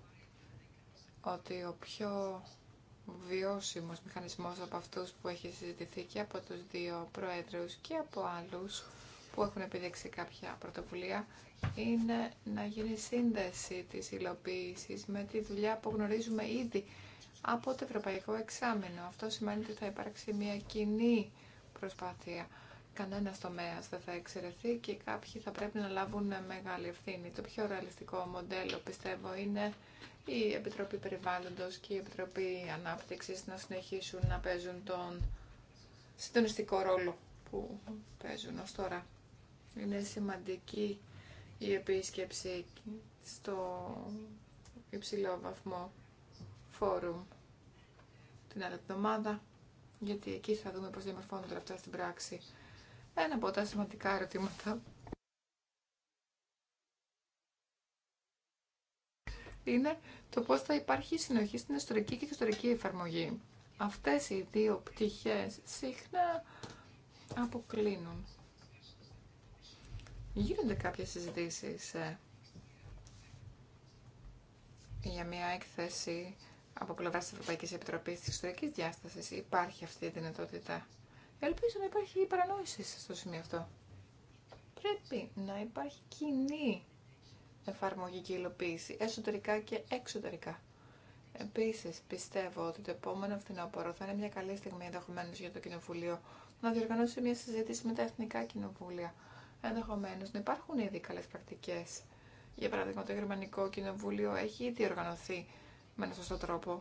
ότι ο πιο βιώσιμος μηχανισμός από αυτούς που έχει συζητηθεί και από τους δύο προέδρους και από άλλους που έχουν επιδείξει κάποια πρωτοβουλία είναι να γίνει σύνδεση της υλοποίηση με τη δουλειά που γνωρίζουμε ήδη από το Ευρωπαϊκό Εξάμεινο. Αυτό σημαίνει ότι θα υπάρξει μια κοινή προσπάθεια. Κανένα τομέα δεν θα εξαιρεθεί και κάποιοι θα πρέπει να λάβουν μεγάλη ευθύνη. Το πιο ρεαλιστικό μοντέλο, πιστεύω, είναι η Επιτροπή περιβάλλοντο και η Επιτροπή ανάπτυξη να συνεχίσουν να παίζουν τον συντονιστικό ρόλο που παίζουν ω τώρα. Είναι σημαντική η επίσκεψη στο υψηλό βαθμό φόρουμ την άλλη εβδομάδα γιατί εκεί θα δούμε πώς διαμορφώνονται αυτά στην πράξη. Ένα από τα σημαντικά ερωτήματα είναι το πώς θα υπάρχει συνοχή στην ιστορική και ιστορική εφαρμογή. Αυτές οι δύο πτυχές συχνά αποκλίνουν. Γίνονται κάποιες συζητήσεις ε, για μια έκθεση από πλευρά τη Ευρωπαϊκή Επιτροπή τη Ιστορική Διάσταση υπάρχει αυτή η δυνατότητα. Ελπίζω να υπάρχει παρανόηση στο σημείο αυτό. Πρέπει να υπάρχει κοινή εφαρμογή και υλοποίηση εσωτερικά και εξωτερικά. Επίση, πιστεύω ότι το επόμενο φθινόπωρο θα είναι μια καλή στιγμή ενδεχομένω για το Κοινοβούλιο να διοργανώσει μια συζήτηση με τα εθνικά κοινοβούλια. Ενδεχομένω να υπάρχουν ήδη καλέ πρακτικέ. Για παράδειγμα, το Γερμανικό Κοινοβούλιο έχει ήδη οργανωθεί με ένα σωστό τρόπο.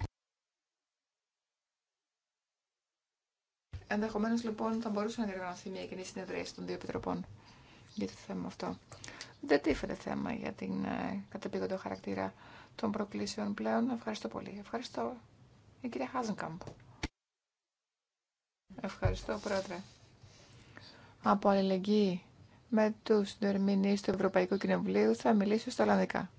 Ενδεχομένω λοιπόν θα μπορούσε να διοργανωθεί μια κοινή συνεδρίαση των δύο επιτροπών για το θέμα αυτό. Δεν τίφερε θέμα για την ε, χαρακτήρα των προκλήσεων πλέον. Ευχαριστώ πολύ. Ευχαριστώ η κυρία Χάζενκαμπ. Ευχαριστώ πρόεδρε. Από αλληλεγγύη με τους δερμηνείς του Ευρωπαϊκού Κοινοβουλίου θα μιλήσω στα Ολλανδικά.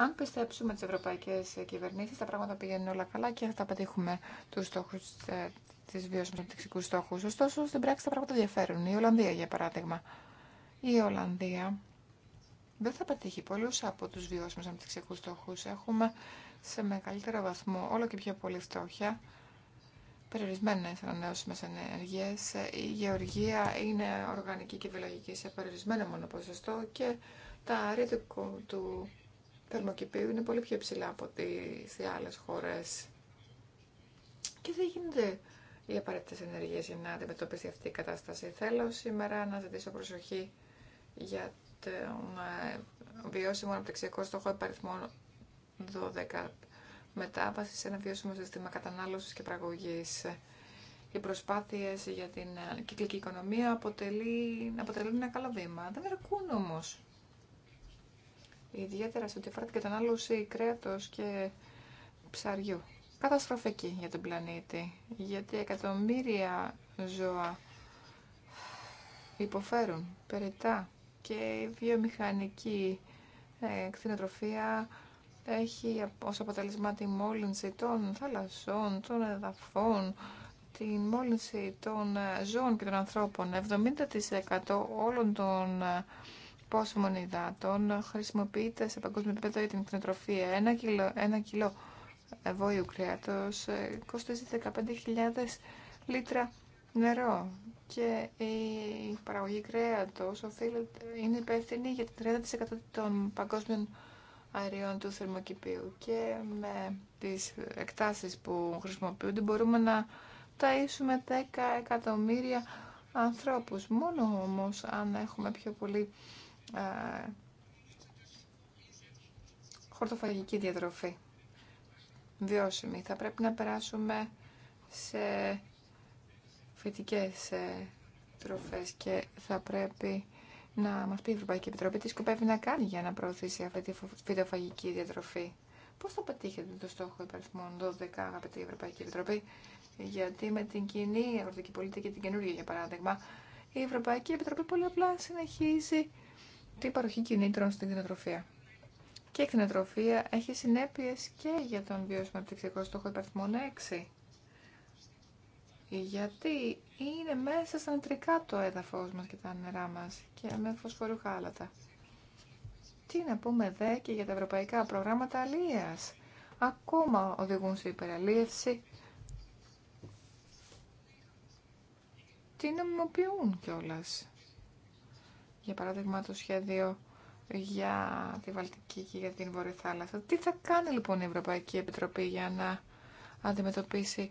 Αν πιστέψουμε τι ευρωπαϊκέ κυβερνήσει, τα πράγματα πηγαίνουν όλα καλά και θα πετύχουμε του στόχους ε, της βιώσιμης αναπτυξικούς στόχους. Ωστόσο, στην πράξη τα πράγματα διαφέρουν. Η Ολλανδία, για παράδειγμα. Η Ολλανδία δεν θα πετύχει πολλού από του βιώσιμού αναπτυξιακούς στόχου. Έχουμε σε μεγαλύτερο βαθμό όλο και πιο πολύ φτώχεια περιορισμένε ανανεώσιμε ενέργειε. Η γεωργία είναι οργανική και βιολογική σε περιορισμένο μόνο ποσοστό και τα του θερμοκηπίου είναι πολύ πιο υψηλά από ό,τι σε άλλες χώρες. Και δεν γίνονται οι απαραίτητε ενεργείες για να αντιμετωπίσει αυτή η κατάσταση. Θέλω σήμερα να ζητήσω προσοχή για τον ε, βιώσιμο αναπτυξιακό στόχο υπαριθμών 12 μετάβαση σε ένα βιώσιμο σύστημα κατανάλωσης και πραγωγής. Οι προσπάθειε για την κυκλική οικονομία αποτελεί, αποτελούν ένα καλό βήμα. Δεν αρκούν όμω. Ιδιαίτερα σε ό,τι αφορά την κατανάλωση κρέατος και ψαριού. Καταστροφική για τον πλανήτη, γιατί εκατομμύρια ζώα υποφέρουν περιτά και η βιομηχανική ε, κτηνοτροφία έχει ως αποτέλεσμα τη μόλυνση των θαλασσών, των εδαφών, τη μόλυνση των ε, ζώων και των ανθρώπων. 70% όλων των ε, πόσο υδάτων χρησιμοποιείται σε παγκόσμιο επίπεδο για την κτηνοτροφία. Ένα κιλό, ένα κιλό κρέατος ε, κοστίζει 15.000 λίτρα νερό και η παραγωγή κρέατος είναι υπεύθυνη για 30% των παγκόσμιων αερίων του θερμοκηπίου και με τις εκτάσεις που χρησιμοποιούνται μπορούμε να ταΐσουμε 10 εκατομμύρια ανθρώπους μόνο όμως αν έχουμε πιο πολύ ε, χορτοφαγική διατροφή. Βιώσιμη. Θα πρέπει να περάσουμε σε φυτικές ε, τροφές και θα πρέπει να μας πει η Ευρωπαϊκή Επιτροπή τι σκοπεύει να κάνει για να προωθήσει αυτή τη φυτοφαγική διατροφή. Πώς θα πετύχετε το στόχο υπαριθμών 12, αγαπητή Ευρωπαϊκή Επιτροπή, γιατί με την κοινή αγροτική πολιτική και την καινούργια, για παράδειγμα, η Ευρωπαϊκή Επιτροπή πολύ απλά συνεχίζει τι παροχή κινήτρων στην κτηνοτροφία. Και η κτηνοτροφία έχει συνέπειε και για τον βιώσιμο αναπτυξιακό στόχο υπαριθμών 6. Γιατί είναι μέσα στα νετρικά το έδαφος μας και τα νερά μας και με φωσφορού χάλατα. Τι να πούμε δε και για τα ευρωπαϊκά προγράμματα αλίας. Ακόμα οδηγούν σε υπεραλίευση. Τι νομιμοποιούν κιόλας για παράδειγμα το σχέδιο για τη Βαλτική και για την Βόρεια Θάλασσα. Τι θα κάνει λοιπόν η Ευρωπαϊκή Επιτροπή για να αντιμετωπίσει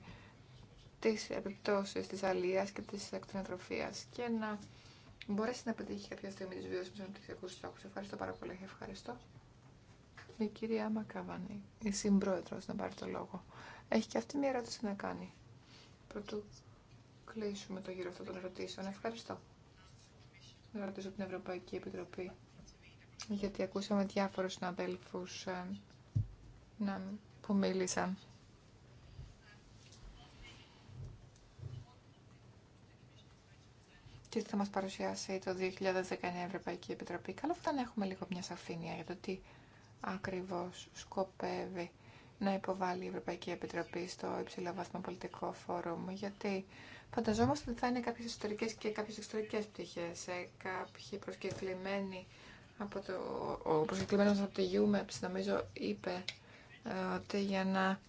τις επιπτώσεις της αλίας και της ακτινοτροφίας και να μπορέσει να πετύχει κάποια στιγμή της βιώσιμης αναπτυξιακούς στόχους. Ευχαριστώ πάρα πολύ. Ευχαριστώ. Η κυρία Μακαβάνη, η συμπρόεδρος, να πάρει το λόγο. Έχει και αυτή μια ερώτηση να κάνει. Πρωτού κλείσουμε το γύρο αυτό των ερωτήσεων. Ευχαριστώ να ρωτήσω την Ευρωπαϊκή Επιτροπή, γιατί ακούσαμε διάφορους συναδέλφους ε, που μίλησαν. Και τι θα μας παρουσιάσει το 2019 Ευρωπαϊκή Επιτροπή. Καλό θα να έχουμε λίγο μια σαφήνεια για το τι ακριβώς σκοπεύει να υποβάλει η Ευρωπαϊκή Επιτροπή στο υψηλό βαθμό πολιτικό φόρουμ, γιατί Φανταζόμαστε ότι θα είναι κάποιε ιστορικές και κάποιες εξωτερικές πτυχές, ε, κάποιοι προσκεκλημένοι από το... Ο προσκεκλημένο από τη UMEPS νομίζω είπε ε, ότι για να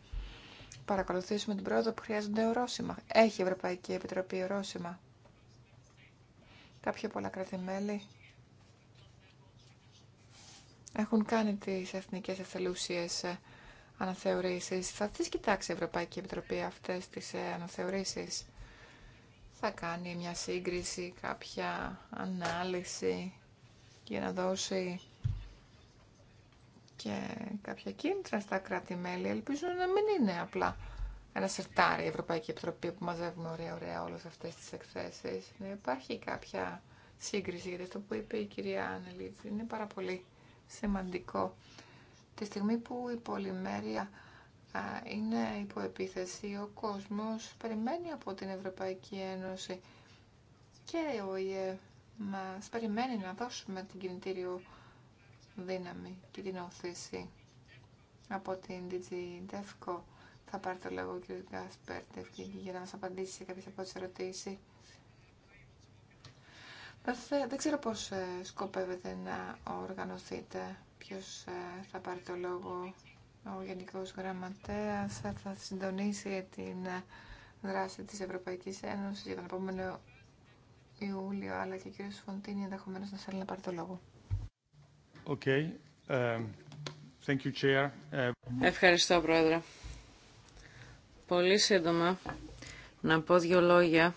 παρακολουθήσουμε την πρόοδο που χρειάζονται ορόσημα. Έχει η Ευρωπαϊκή Επιτροπή ορόσημα. Κάποια πολλά κράτη-μέλη έχουν κάνει τις εθνικές εθελούσιες ε, αναθεωρήσεις. Θα τις κοιτάξει η Ευρωπαϊκή Επιτροπή αυτές τις αναθεωρήσεις θα κάνει μια σύγκριση, κάποια ανάλυση για να δώσει και κάποια κίνητρα στα κράτη-μέλη. Ελπίζω να μην είναι απλά ένα σερτάρι η Ευρωπαϊκή Επιτροπή που μαζεύουμε ωραία ωραία όλες αυτές τις εκθέσεις. Να υπάρχει κάποια σύγκριση, γιατί αυτό που είπε η κυρία Ανελίτση είναι πάρα πολύ σημαντικό. Τη στιγμή που η πολυμέρεια είναι υπό επίθεση. Ο κόσμος περιμένει από την Ευρωπαϊκή Ένωση και ο ΙΕ μας περιμένει να δώσουμε την κινητήριο δύναμη και την οθήση από την DG DEFCO. Θα πάρει το λόγο ο κ. Γκάσπερτ για να μας απαντήσει σε κάποιες από τις ερωτήσεις. Δεν ξέρω πώς ε, σκοπεύετε να οργανωθείτε, ποιος ε, θα πάρει το λόγο ο Γενικός Γραμματέας θα συντονίσει την ε, δράση της Ευρωπαϊκής Ένωσης για τον επόμενο Ιούλιο, αλλά και ο κ. Φοντίνη ενδεχομένω να θέλει να πάρει το λόγο. Okay. Um, thank uh, Ευχαριστώ, Πρόεδρε. Πολύ σύντομα να πω δύο λόγια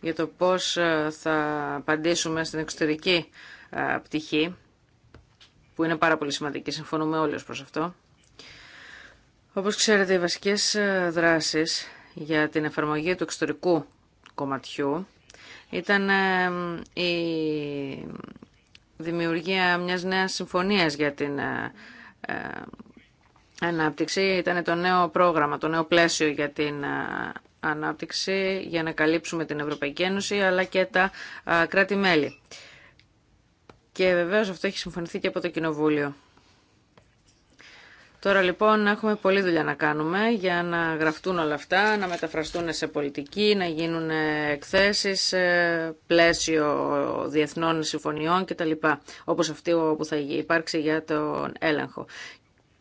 για το πώς ε, θα απαντήσουμε στην εξωτερική ε, πτυχή, που είναι πάρα πολύ σημαντική. Συμφωνούμε όλοι ως προς αυτό. Όπως ξέρετε, οι βασικές ε, δράσεις για την εφαρμογή του εξωτερικού κομματιού ήταν ε, η δημιουργία μιας νέας συμφωνίας για την ε, ανάπτυξη. Ήταν το νέο πρόγραμμα, το νέο πλαίσιο για την ανάπτυξη για να καλύψουμε την Ευρωπαϊκή Ένωση αλλά και τα κράτη-μέλη. Και βεβαίως αυτό έχει συμφωνηθεί και από το Κοινοβούλιο. Τώρα λοιπόν έχουμε πολλή δουλειά να κάνουμε για να γραφτούν όλα αυτά, να μεταφραστούν σε πολιτική, να γίνουν ε, εκθέσεις, ε, πλαίσιο διεθνών συμφωνιών κτλ. Όπως αυτή που θα υπάρξει για τον έλεγχο.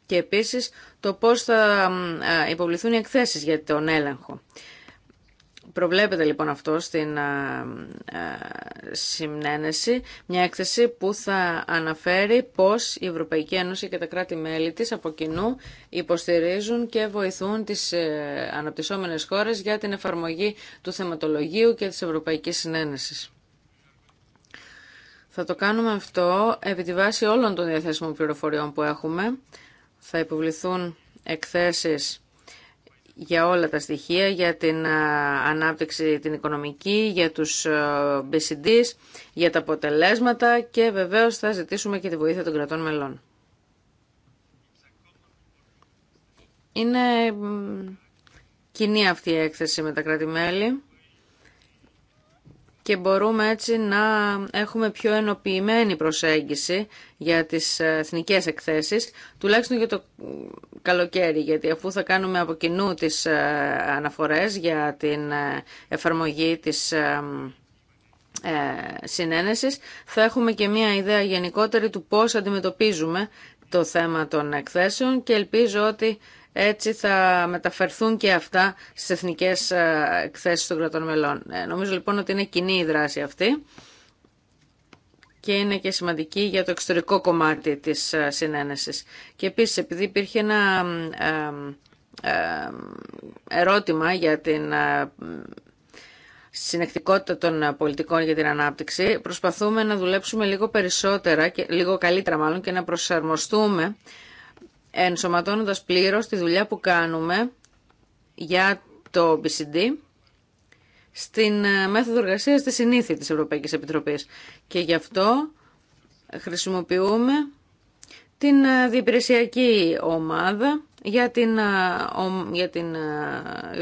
Και επίσης το πώς θα ε, υποβληθούν οι εκθέσεις για τον έλεγχο. Προβλέπεται λοιπόν αυτό στην συνένεση, μια έκθεση που θα αναφέρει πώς η Ευρωπαϊκή Ένωση και τα κράτη-μέλη της από κοινού υποστηρίζουν και βοηθούν τις ε, αναπτυσσόμενες χώρες για την εφαρμογή του θεματολογίου και της Ευρωπαϊκής Συνένεσης. Θα το κάνουμε αυτό επί τη βάση όλων των διαθέσιμων πληροφοριών που έχουμε. Θα υποβληθούν εκθέσεις για όλα τα στοιχεία, για την ε, ανάπτυξη την οικονομική, για τους BCDs, ε, για τα αποτελέσματα και βεβαίως θα ζητήσουμε και τη βοήθεια των κρατών μελών. Είναι κοινή αυτή η έκθεση με τα κράτη-μέλη και μπορούμε έτσι να έχουμε πιο ενοποιημένη προσέγγιση για τις ε, εθνικές εκθέσεις, τουλάχιστον για το καλοκαίρι, γιατί αφού θα κάνουμε από κοινού τις ε, αναφορές για την ε, εφαρμογή της συνένεσης, θα έχουμε και μια ιδέα γενικότερη του πώς αντιμετωπίζουμε το θέμα των εκθέσεων και ελπίζω ότι έτσι θα μεταφερθούν και αυτά στις εθνικές ε, εκθέσεις των κρατών μελών. Ε, νομίζω λοιπόν ότι είναι κοινή η δράση αυτή και είναι και σημαντική για το εξωτερικό κομμάτι της ε, συνένεσης. Και επίσης επειδή υπήρχε ένα ερώτημα για την συνεκτικότητα των πολιτικών για την ανάπτυξη, προσπαθούμε να δουλέψουμε λίγο περισσότερα, και, λίγο καλύτερα μάλλον, και να προσαρμοστούμε ενσωματώνοντας πλήρως τη δουλειά που κάνουμε για το BCD στην ε, μέθοδο εργασίας της συνήθη της Ευρωπαϊκής Επιτροπής. Και γι' αυτό χρησιμοποιούμε την ε, διεπηρεσιακή ομάδα για, την, ε, για, την,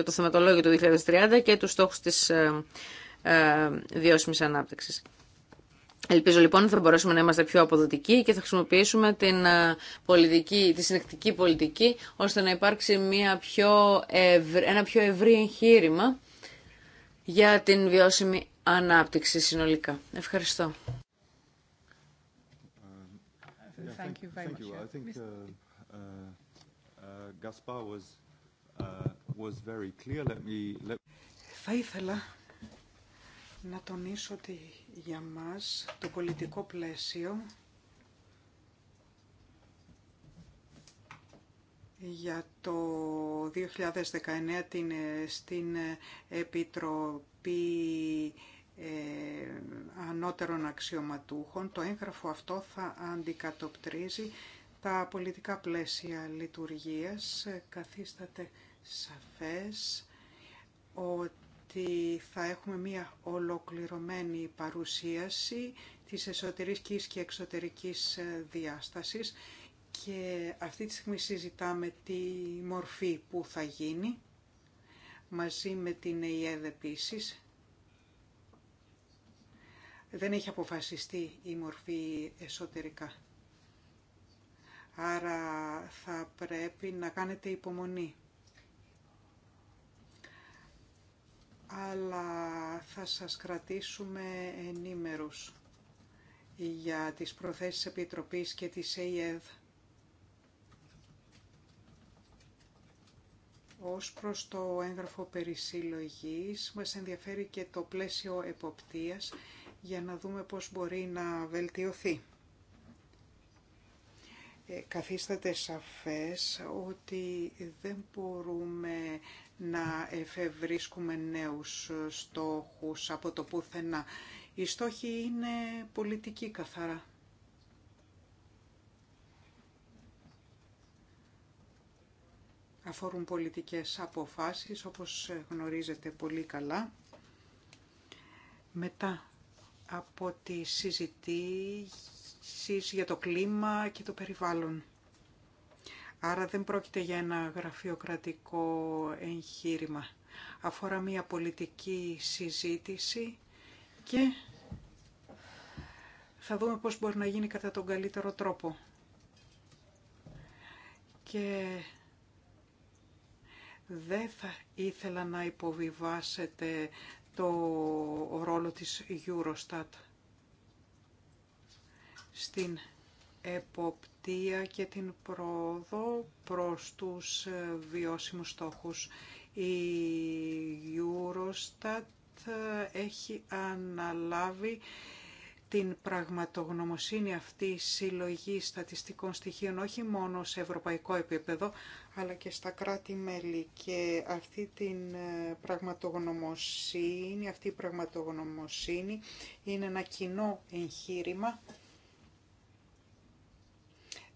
το θεματολόγιο του 2030 και τους στόχους της βιώσιμης ανάπτυξης. Ελπίζω λοιπόν ότι θα μπορέσουμε να είμαστε πιο αποδοτικοί και θα χρησιμοποιήσουμε την ε, πολιτική, τη συνεκτική πολιτική ώστε να υπάρξει μια πιο ένα πιο ευρύ εγχείρημα για την βιώσιμη ανάπτυξη συνολικά. Ευχαριστώ. Θα ήθελα να τονίσω ότι για μας το πολιτικό πλαίσιο για το 2019 την, στην Επιτροπή ε, Ανώτερων Αξιωματούχων. Το έγγραφο αυτό θα αντικατοπτρίζει τα πολιτικά πλαίσια λειτουργίας. Καθίσταται σαφές ότι ότι θα έχουμε μία ολοκληρωμένη παρουσίαση της εσωτερικής και εξωτερικής ε, διάστασης και αυτή τη στιγμή συζητάμε τη μορφή που θα γίνει μαζί με την ΕΙΕΔ επίσης. Δεν έχει αποφασιστεί η μορφή εσωτερικά. Άρα θα πρέπει να κάνετε υπομονή αλλά θα σας κρατήσουμε ενήμερους για τις προθέσεις Επιτροπής και της ΕΙΕΔ. Ως προς το έγγραφο περισύλλογής, μας ενδιαφέρει και το πλαίσιο εποπτείας για να δούμε πώς μπορεί να βελτιωθεί. Ε, καθίσταται σαφές ότι δεν μπορούμε να εφευρίσκουμε νέους στόχους από το πουθενά. Οι στόχοι είναι πολιτικοί καθαρά. Αφορούν πολιτικές αποφάσεις, όπως γνωρίζετε πολύ καλά. Μετά από τις συζητήσεις για το κλίμα και το περιβάλλον. Άρα δεν πρόκειται για ένα γραφειοκρατικό εγχείρημα. Αφορά μια πολιτική συζήτηση και θα δούμε πώς μπορεί να γίνει κατά τον καλύτερο τρόπο. Και δεν θα ήθελα να υποβιβάσετε το ρόλο της Eurostat στην εποπτ και την πρόοδο προς τους ε, βιώσιμους στόχους. Η Eurostat ε, έχει αναλάβει την πραγματογνωμοσύνη αυτή συλλογή στατιστικών στοιχείων όχι μόνο σε ευρωπαϊκό επίπεδο αλλά και στα κράτη-μέλη και αυτή την ε, πραγματογνωμοσύνη, αυτή η πραγματογνωμοσύνη είναι ένα κοινό εγχείρημα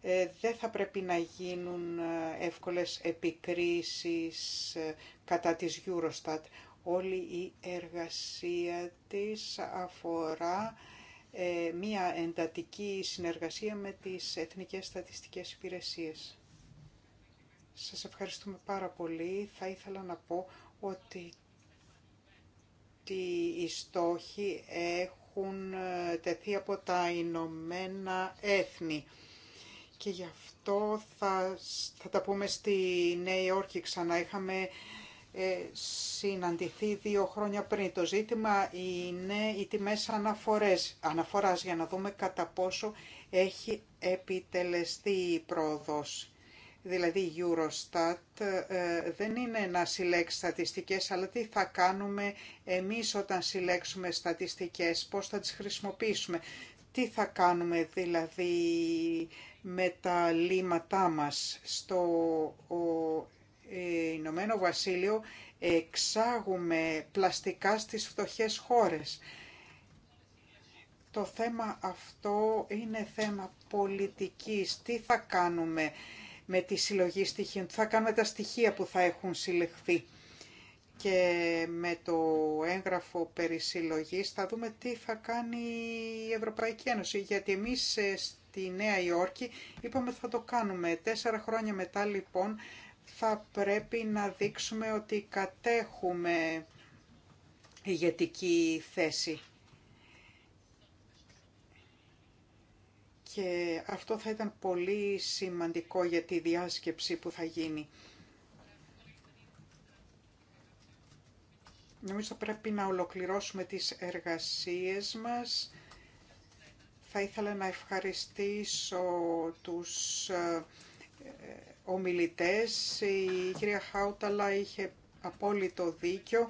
ε, δεν θα πρέπει να γίνουν ε, εύκολες επικρίσεις ε, κατά της Eurostat. Όλη η εργασία της αφορά μία εντατική συνεργασία με τις Εθνικές Στατιστικές Υπηρεσίες. Σας ευχαριστούμε πάρα πολύ. Θα ήθελα να πω ότι οι στόχοι έχουν τεθεί από τα Ηνωμένα Έθνη. Και γι' αυτό θα, θα τα πούμε στη Νέα Υόρκη ξανά. Είχαμε ε, συναντηθεί δύο χρόνια πριν. Το ζήτημα είναι οι τιμές αναφορές, αναφοράς για να δούμε κατά πόσο έχει επιτελεστεί η πρόοδος. Δηλαδή η Eurostat ε, δεν είναι να συλλέξει στατιστικές, αλλά τι θα κάνουμε εμείς όταν συλλέξουμε στατιστικές, πώς θα τις χρησιμοποιήσουμε. Τι θα κάνουμε δηλαδή με τα λύματά μας. Στο ε, Ηνωμένο Βασίλειο εξάγουμε πλαστικά στις φτωχές χώρες. Το θέμα αυτό είναι θέμα πολιτικής. Τι θα κάνουμε με τη συλλογή στοιχείων, τι θα κάνουμε τα στοιχεία που θα έχουν συλλεχθεί. Και με το έγγραφο περί συλλογής θα δούμε τι θα κάνει η Ευρωπαϊκή Ένωση, γιατί εμείς ε, τη Νέα Υόρκη. Είπαμε θα το κάνουμε. Τέσσερα χρόνια μετά λοιπόν θα πρέπει να δείξουμε ότι κατέχουμε ηγετική θέση. Και αυτό θα ήταν πολύ σημαντικό για τη διάσκεψη που θα γίνει. Νομίζω πρέπει να ολοκληρώσουμε τις εργασίες μας θα ήθελα να ευχαριστήσω τους ε, ε, ομιλητές. Η κυρία Χάουταλα είχε απόλυτο δίκιο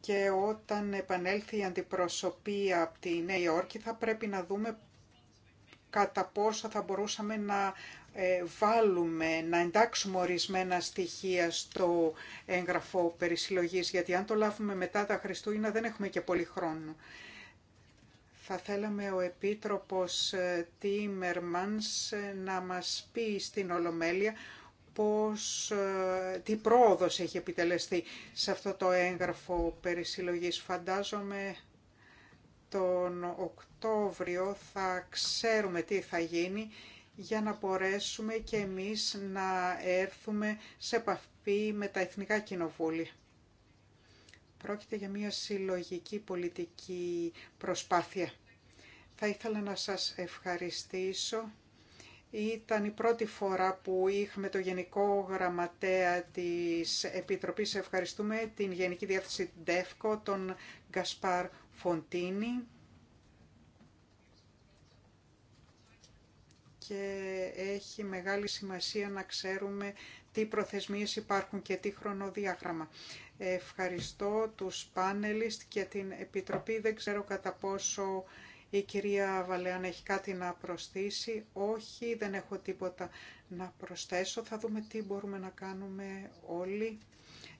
και όταν επανέλθει η αντιπροσωπεία από τη Νέα Υόρκη θα πρέπει να δούμε κατά πόσο θα μπορούσαμε να ε, βάλουμε, να εντάξουμε ορισμένα στοιχεία στο έγγραφο περισυλλογής, γιατί αν το λάβουμε μετά τα Χριστούγεννα δεν έχουμε και πολύ χρόνο. Θα θέλαμε ο Επίτροπος ε, Τίμερμανς ε, να μας πει στην Ολομέλεια πώς, ε, τι πρόοδος έχει επιτελεστεί σε αυτό το έγγραφο περί συλλογής. Φαντάζομαι τον Οκτώβριο θα ξέρουμε τι θα γίνει για να μπορέσουμε και εμείς να έρθουμε σε επαφή με τα Εθνικά Κοινοβούλια. Πρόκειται για μια συλλογική πολιτική προσπάθεια. Θα ήθελα να σας ευχαριστήσω. Ήταν η πρώτη φορά που είχαμε το Γενικό Γραμματέα της Επιτροπής. Ευχαριστούμε την Γενική Διάθεση ΔΕΦΚΟ, τον Γκασπάρ Φοντίνη. Και έχει μεγάλη σημασία να ξέρουμε τι προθεσμίες υπάρχουν και τι χρονοδιάγραμμα. Ευχαριστώ τους πάνελιστ και την Επιτροπή. Δεν ξέρω κατά πόσο η κυρία Βαλέαν έχει κάτι να προσθέσει. Όχι, δεν έχω τίποτα να προσθέσω. Θα δούμε τι μπορούμε να κάνουμε όλοι.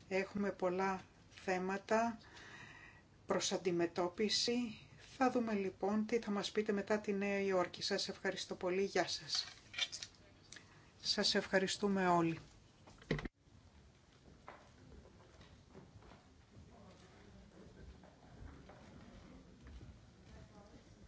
Έχουμε πολλά θέματα προς αντιμετώπιση. Θα δούμε λοιπόν τι θα μας πείτε μετά τη Νέα Υόρκη. Σας ευχαριστώ πολύ. Γεια σας. Σας ευχαριστούμε όλοι.